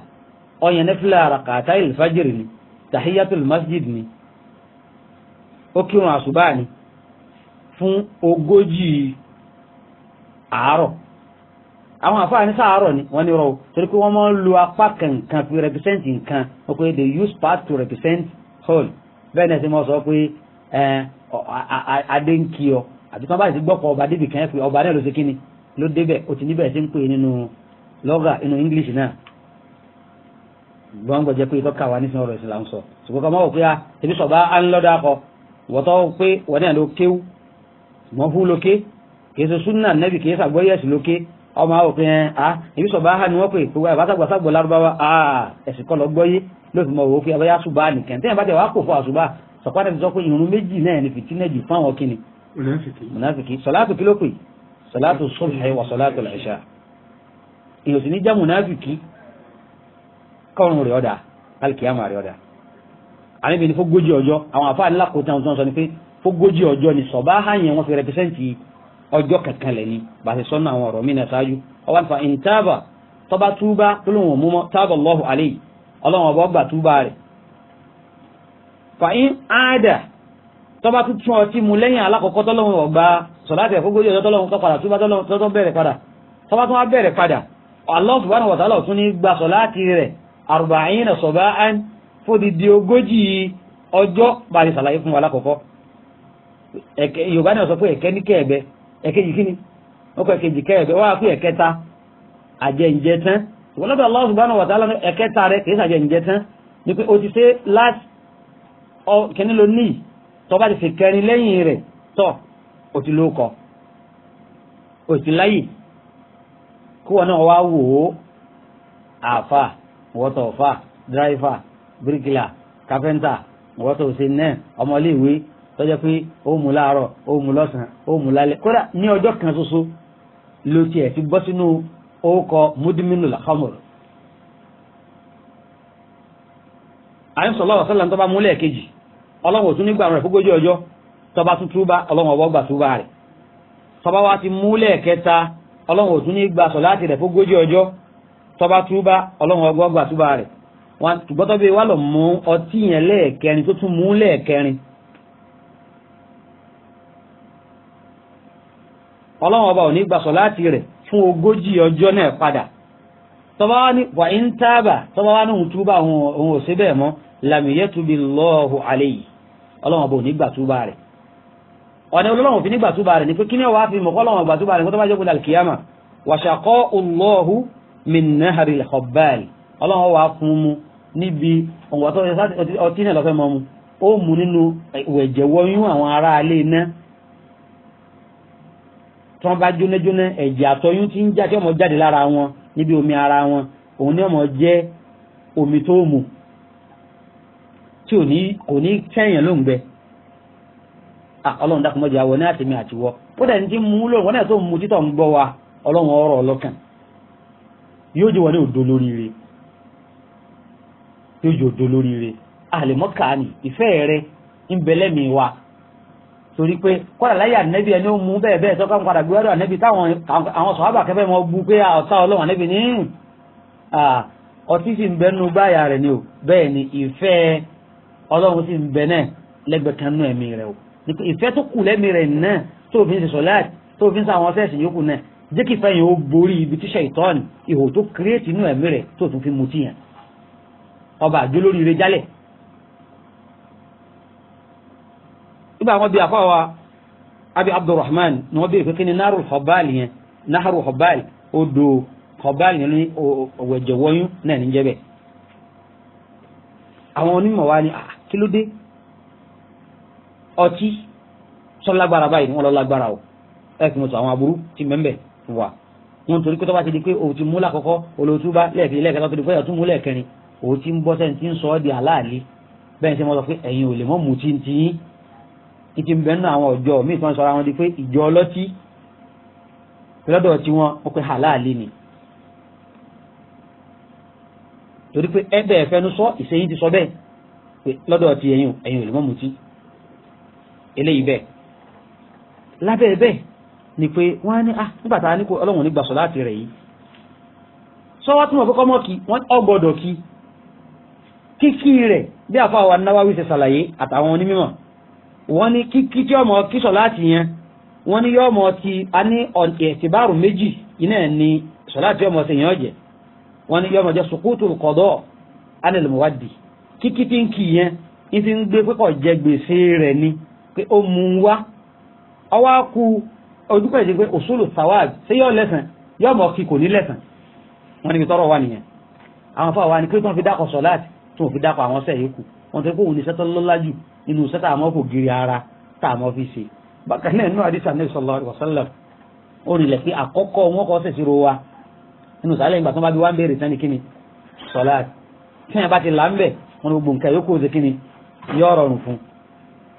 ọyàn nafila rakata ìlfàjìrì ni tahiyatul masjid ni ó kírun àṣùbà ni fún ogójì àárọ̀ àwọn àfáà ní sáàárọ̀ ni wọ́n ní rọ̀wọ̀ torí pé wọ́n máa ń lo apá kankan fi represent nǹkan wọ́n pé they use part to represent whole bẹ́ẹ̀ náà sì mọ́ sọ pé adé ń kí ọ àti tí wọ́n bá sì gbọ́pọ̀ ọba débì kan pé ọba náà ló ṣe kíni ló débẹ̀ ó ti níbẹ̀ sí ń pè nínú lọ́gà inú English náà gbọ́n gbọ́jẹ́ pé ìtọ́ka wa nísìnyí ọ̀rọ̀ ìsìn là ń sọ ṣùgbọ́n kọ́mọ́ òpé a ah, ebi sọ̀bá á ń lọ́dọ̀ akọ wọ́tọ́ pé wọ́n náà ló kéwú mọ́ fún lókè kì í ṣe súnà nẹ́bì kì í ṣàgbọ́yẹ̀sì lókè ọmọ àwọn òpin ẹ̀ ah ìbí sọ̀bá ha ni wọ́n pè gbogbo àbátàgbà sàgbọ̀ lárúbáwá ah ẹ̀sìn kọ́ lọ gbọ́ yé ló fi mọ òwò pé abẹ́yà ṣùgbọ́n nìkan tẹ́yìn bá tẹ̀ wá kò fọ àṣùbà sọ̀pá tẹ̀ sọ pé ìrun méjì náà ni fìtínà jù fáwọn kìnnì. mùnàfìkì sọ̀láàtù kí ló pè sọ̀láàtù sọ̀bẹ̀ wà sọ̀láàtù làṣà èèyàn sì ní já mùnàfìkì kọ́run rẹ̀ ọ̀dà alkiyama rẹ̀ ọ̀dà. àmì bíi fógójì ọjọ́ àwọn àfáà ńlá kò tán sọ ni pé fógójì ọjọ́ ni sọ̀bá hàn yẹn wọ́n fi rẹpẹsẹ́ǹtì ọjọ́ kankan lẹ́ni bàtẹ sọ́nà àwọn ọ̀rọ̀ mi náà ṣáájú ọwọ́ nípa ìntàbà tọ́ba túbá kúlóhùn mú tábà lọ́hùn àlẹ́ ọlọ́run ọba ọgbà túbá rẹ̀ fàyín áádà tọ́ba tuntun ọtí mu lẹ́yìn alákọ̀ọ́kọ́ tọ́lọ́run ọgbà sọ̀láàtì ẹ̀fọ́gbọ́dì ọjọ́ tọ́lọ́run kọ́ padà túbá tọ́tọ́ bẹ̀rẹ̀ padà tọ́ba tó wá bẹ̀rẹ̀ padà Allah subhanahu wa ta'ala tún ní gba sọ̀láàtì rẹ̀ àrùbáyìn sọ̀báán ẹ̀kejì kí ni wọ́n kọ́ ẹ̀kejì kẹ́ẹ̀bẹ́ wọ́n á pé ẹ̀kẹta àjẹǹjẹ tán ṣùgbọ́n lọ́dọ̀ wa ta'ala ẹ̀kẹta rẹ̀ kìí ṣàjẹǹjẹ tán ni pé o ti ṣe last kìíní lo ti fi kẹrin o o tọ́jọ́ pé ó mú láàárọ̀ ó mú lọ́sàn-án ó mú lálẹ́ kódà ní ọjọ́ kan ṣoṣo ló tiẹ̀ ti bọ́ sínú orúkọ mudiminu lakamuru. àyìn sọ̀lọ́ ọ̀sọ́lá tó bá múlẹ̀ kejì ọlọ́wọ̀ tún nígbà rẹ̀ fúgójì ọjọ́ tó bá tún túbá ọlọ́wọ̀ ọgbà túbá rẹ̀ tó bá wá ti múlẹ̀ kẹta ọlọ́wọ̀ tún nígbà sọ̀ láti rẹ̀ fúgójì ọjọ́ tó bá túbá ọlọ́wọ̀ ọgbà túbá rẹ̀ ṣùgbọ́n tó bí wà lọ mú ọtí yẹn lẹ́ẹ̀kẹrin tó tún mú lẹ́ẹ̀kẹrin ọlọ́run ọba ò ní gba sọ̀láàtì rẹ̀ fún ogójì ọjọ́ náà padà tọba wá ní wà ń tábà tọba wá níhun túbà òun ò sí bẹ́ẹ̀ mọ́ làmìyẹ́ tubi lọ́ọ̀hù àlẹ́yìí ọlọ́run ọba ò ní gbà túbà rẹ̀ ọ̀nà ọlọ́run ò fi ní gbà túbà rẹ̀ ni pé kí ni ọwọ́ tí wọ́n bá jóná jóná ẹ̀jẹ̀ àtọyún tí ń já tí ọmọ jáde lára wọn níbi omi ara wọn òun ni ọmọ jẹ́ omi tó mù tí ò ní kò ní kẹ́yìn ló ń gbẹ ọlọ́run dákun mọ́jà wọ ní àtẹ̀mí àtiwọ́ ó dẹ̀ ní ti mú lóòrùn wọn náà tó mú títọ̀ ń gbọ́ wa ọlọ́run ọ̀rọ̀ ọlọ́kàn yóò jẹ́ wọn ní òdo lóríire yóò jẹ́ òdo lóríire àlèmọ́kà ni ìfẹ́ rẹ ń bẹ lẹ́mìí wa torí pé kọ́ra láyé ànẹ́bí ẹni ó mú bẹ́ẹ̀ bẹ́ẹ̀ tọ́ka ń padà gbéwádò ànẹ́bí táwọn àwọn sọ̀hábà kẹfẹ́ mọ́ bú pé ọ̀tá ọlọ́run ànẹ́bí ní ọtí sì ń bẹ báyà rẹ̀ ni o bẹ́ẹ̀ ni ìfẹ́ ọlọ́run sì ń bẹ náà lẹ́gbẹ̀ẹ́ kan nú ẹ̀mí rẹ̀ o ìfẹ́ tó kù lẹ́mí rẹ̀ náà tó fi ń ṣe sọ̀láàt tó fi ń ṣe àwọn ọ̀sẹ̀sì yòókù náà jẹ́ kí ìfẹ́ yẹn ó borí ibi tíṣẹ́ ìtọ́ni ìhò nígbà wọn bí afọwà abi abdulrahman ni wọn béèrè pé kí ni naru hobal yẹn naharu hobal odò hobal yẹn ní ọ̀wẹ̀jẹ̀wọ́yún náà ní jẹ́bẹ̀ àwọn onímọ̀ wa ni kí ló dé ọtí sọ lágbára báyìí ni wọ́n lọ lágbára o ẹ kì í sọ àwọn aburú ti mẹ́mbẹ̀ wà wọn torí pé tó bá ti di pé òtí mú lákọ̀ọ́kọ́ olótúbá lẹ́ẹ̀kejì lẹ́ẹ̀kẹta tó di fẹ́yà tún mú lẹ́ẹ̀kẹrin òtí ń bọ́ sẹ́ni tí ń sọ ọ́ di aláàlí bẹ́ẹ̀ ni sẹ́ mo sọ pé ẹ̀yin ò lè mọ́ mutí ti ìtì bẹ́ẹ̀ nù àwọn ọjọ́ míì tí wọ́n sọ ara wọn di pé ìjọ ọlọ́tí lọ́dọ̀ tí wọ́n ó pe halali ni torí pé ẹ̀bẹ̀ ẹ̀fẹ́nu sọ ìsẹ́yìn ti sọ bẹ́ẹ̀ pé lọ́dọ̀ ti ẹ̀yin ẹ̀yin ò lè mọ́ mutí eléyìí bẹ́ẹ̀ lábẹ́ bẹ́ẹ̀ ni pé wọ́n á ní ah nígbà tá a ní kó ọlọ́run nígbà sọ láti rẹ̀ yìí sọ́wọ́ tí wọ́n kọ́kọ́ mọ́ kí wọ́n ọgbọ́dọ̀ kí kíkí rẹ̀ bí àfọwọ́ Nawawi ṣe ṣàlàyé àtàwọn onímọ̀ wọ́n ní kíkí tí ọmọ kí sọláàtì yẹn wọ́n ní yọ ọmọ ti a ní ẹ̀tìbárù méjì iná ẹ̀ ní sọláàtì ọmọ ti yàn ọ̀jẹ̀ wọ́n ní yọ ọmọ jẹ́ sukutu kọ̀dọ̀ anilmuwadi tí ń kì yẹn ń ti ń gbé gbèsè rẹ̀ ni pé ó mú un wá ku ojúkọ̀ ìdí pé òṣùlù wọn tẹ́ pé òun ní sẹ́tọ́ lọ́lá jù nínú sẹ́tà àmọ́ kò giri ara tá àmọ́ fi ṣe bákan náà nínú àdìsá ní sallallahu alaihi wasallam ó rìnlẹ̀ pé àkọ́kọ́ wọn kọ́ sẹ̀sì ro wa nínú sàlẹ̀ ìgbà tó bá bí wá ń béèrè sẹ́ni kíni sọ̀láàt tí wọn bá ti là ń bẹ̀ wọn gbogbo nǹkan yókù ṣe kíni yóò rọrùn fún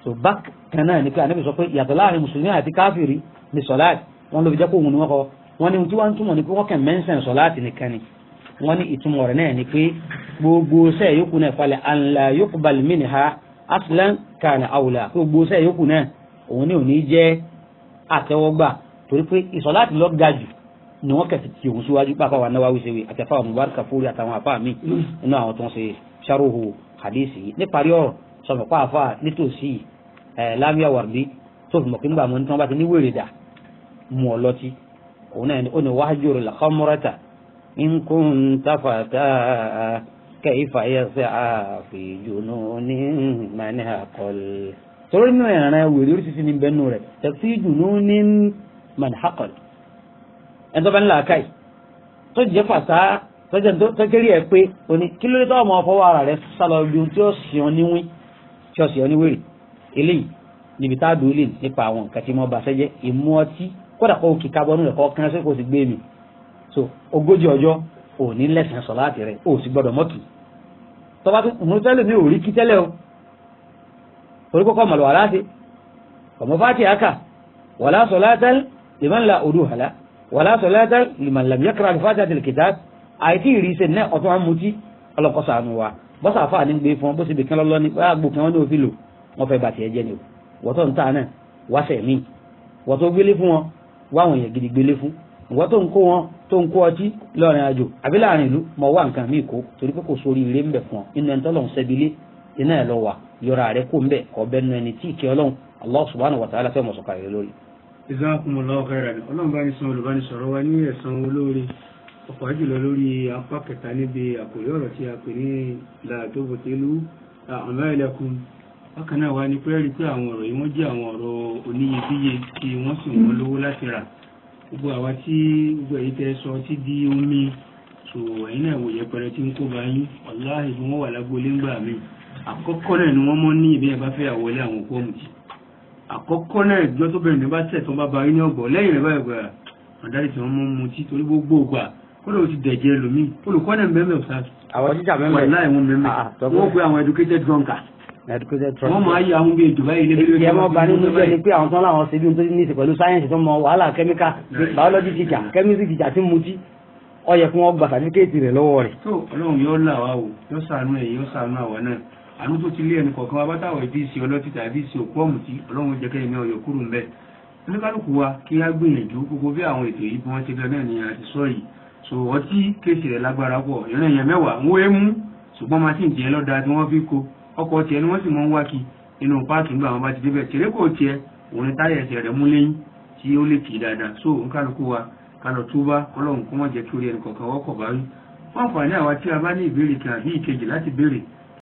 so bákan náà ni pé ànábì sọ pé ìyàtọ̀ láàrin mùsùlùmí àti káfìrí ní sọ̀láàt wọn ló fi jẹ́ pé òun ni wọ́n kọ́ wọn ni tí wọ́n ń túmọ̀ ni pé wọ́n kàn mẹ́ńsẹ̀ sọ̀láàt nìkan ni wọ́n ní ìtumọ̀ rẹ̀ náà ni pé gbogbo sẹ́ yòókù náà falẹ̀ ànlá yuqbal minha aslan kana awla gbogbo sẹ́ yòókù náà òun ní òní jẹ́ àtẹ́wọ́gbà torí pé ìsọ̀láàtì lọ ga jù ni wọ́n kẹ̀sì tí òun síwájú pàápàá wà náwó àwíṣe àtẹ̀fà wà mubarak fúri àtàwọn àfáà mi nínú àwọn tó ń ṣe ṣàròhò hadisi yìí níparí ọ̀rọ̀ sọ̀rọ̀ pa àfáà nítòsí lámìá wàrbí tó fi mọ̀ pé nígbà mọ́ ní tí wọ́n bá ti ní wèrè dà mú ọ lọ́tí òun náà ó ní wahjuril khamrata in kunta fata kẹ́yìfà yẹsẹ̀ àfi jùnú ní mani àkọlẹ̀. torí nínú ìrìn àwọn wèrè oríṣiríṣi ní bẹ́ẹ̀ nù rẹ̀ tẹ̀sí jùnú ní mani àkọlẹ̀. ẹni tó bá ń là káì tó jẹ́ fàṣà tó kéré ẹ̀ pé òní kí ló dé tó ọmọ ọfọwọ́ ara rẹ̀ sálọ bí ohun tí ó sì ọ́ níwín tí ó sì ọ́ níwèrè eléyìí níbi tá a dùn lè nípa àwọn nǹkan tí mo bá ṣẹ́jẹ́ ìmú ọtí kódà kó kíkà bọ́nú rẹ̀ kọ́ kán sí kó sì gbé mi so ogójì ọjọ́ ò ní lẹ́sìn sọ̀láàtì rẹ̀ ò sì gbọ́dọ̀ mọ́tù tọ́ba tó mú tẹ́lẹ̀ mi ò rí kí tẹ́lẹ̀ o orí kọ́kọ́ mọ̀lọ́ wàlá sí ọmọ fati aka wàlá sọ̀láàtàn liman la odò hàlá wàlá sọ̀láàtàn liman lam yakra alifati àti likitab àìtí ìrìnsẹ̀ náà ọ̀tún amutí ọlọ́kọ́sà àánú wa bọ́sà àfáà ní gbé fún ọ bó ṣe bìkan lọ́lọ́ ní gbàgbó kan wọn ní ìwọ́n tó ń kó wọn tó ń kó ọtí lọ́rin àjò àbí láàrin ìlú mọ̀ wá nǹkan míì kó torí pé kò sórí ire ń bẹ̀ fún ọ inú ẹni tọ́lọ̀ ń sẹ́bilé iná ẹ̀ lọ wà yọra rẹ kó ń bẹ̀ kọ́ bẹ́ẹ̀ nu ẹni tí ìkẹ́ ọlọ́run Allah subhanahu wa ta'ala fẹ́ mọ̀ sọ̀kà rẹ lórí. jazakumullahu khairan ọlọ́run bá ní san olùbánisọ̀rọ̀ wa ní ẹ̀san olóore ọ̀pọ̀ àjùlọ lórí apá kẹta níbi àkòrí ọ̀rọ̀ tí a pè ní làdóbòtélú àmàlẹ́kùn bákan náà wá ní pẹ́ẹ́rì pé àwọn ọ̀rọ̀ yìí wọ́n jẹ́ àwọn ọ̀rọ̀ oníyebíye tí wọ́n sì wọ́n lówó láti rà gbogbo àwa tí gbogbo èyí tẹ sọ ti di omi so ẹ̀yin náà wò yẹpẹrẹ tí ń kó bá yín ọ̀la ìbí wọn wà lágboolé ń gbà mí àkọ́kọ́ náà ni wọ́n mọ́ ní ìbí yẹn bá fẹ́ àwọlé àwọn òkú ọ̀mùtì àkọ́kọ́ náà ìjọ tó bẹ̀rẹ̀ ní bá tẹ̀ tán bá ba yín ní ọ̀gbọ̀ lẹ́yìn rẹ̀ báyìí gbà àdáyé tí wọ́n mọ́ mu tí torí gbogbo ògbà kódà o ti dẹ̀jẹ̀ lómi olùkọ́ náà mẹ́mẹ́ ah, ah, educated drunkard wọ́n máa yọ àwọn bí ètò báyìí lébi lórí ìyẹn wọn bá nínú iṣẹ́ ni pé àwọn tán láwọn ṣe bí n tó ní ìṣe pẹ̀lú sáyẹ́ǹsì tó mọ wàhálà kẹ́míkà bàọ́lọ́jì tìjà kẹ́mísì tìjà tí mo jí ó yẹ kí wọ́n gba sàtífíkẹ́ẹ̀tì rẹ̀ lọ́wọ́ rẹ̀. tó ọlọ́run yóò là wá o yóò ṣàánú ẹ̀ yóò ṣàánú àwa náà àánú tó ti lé ẹnì kọ̀ọ̀kan wa bátàwọ̀ ìdí ìsìn ọlọ́tì tàbí ìsìn òkú wa kí ọkọ̀ tiẹ̀ ni wọ́n sì mọ́ ń wá kí inú páàkì nígbà wọn bá ti débẹ̀ tèrè tiẹ̀ òun ni táyà ẹsẹ̀ rẹ̀ mú lẹ́yìn tí ó lè kì í dáadáa so nkálukú wa kálọ̀ tó bá ọlọ́run kó mọ̀ jẹ́ kí orí ẹnì kọ̀ọ̀kan wọ́kọ̀ bá rí wọ́n fà ní àwa tí a bá ní ìbéèrè kan àbí ìkejì láti béèrè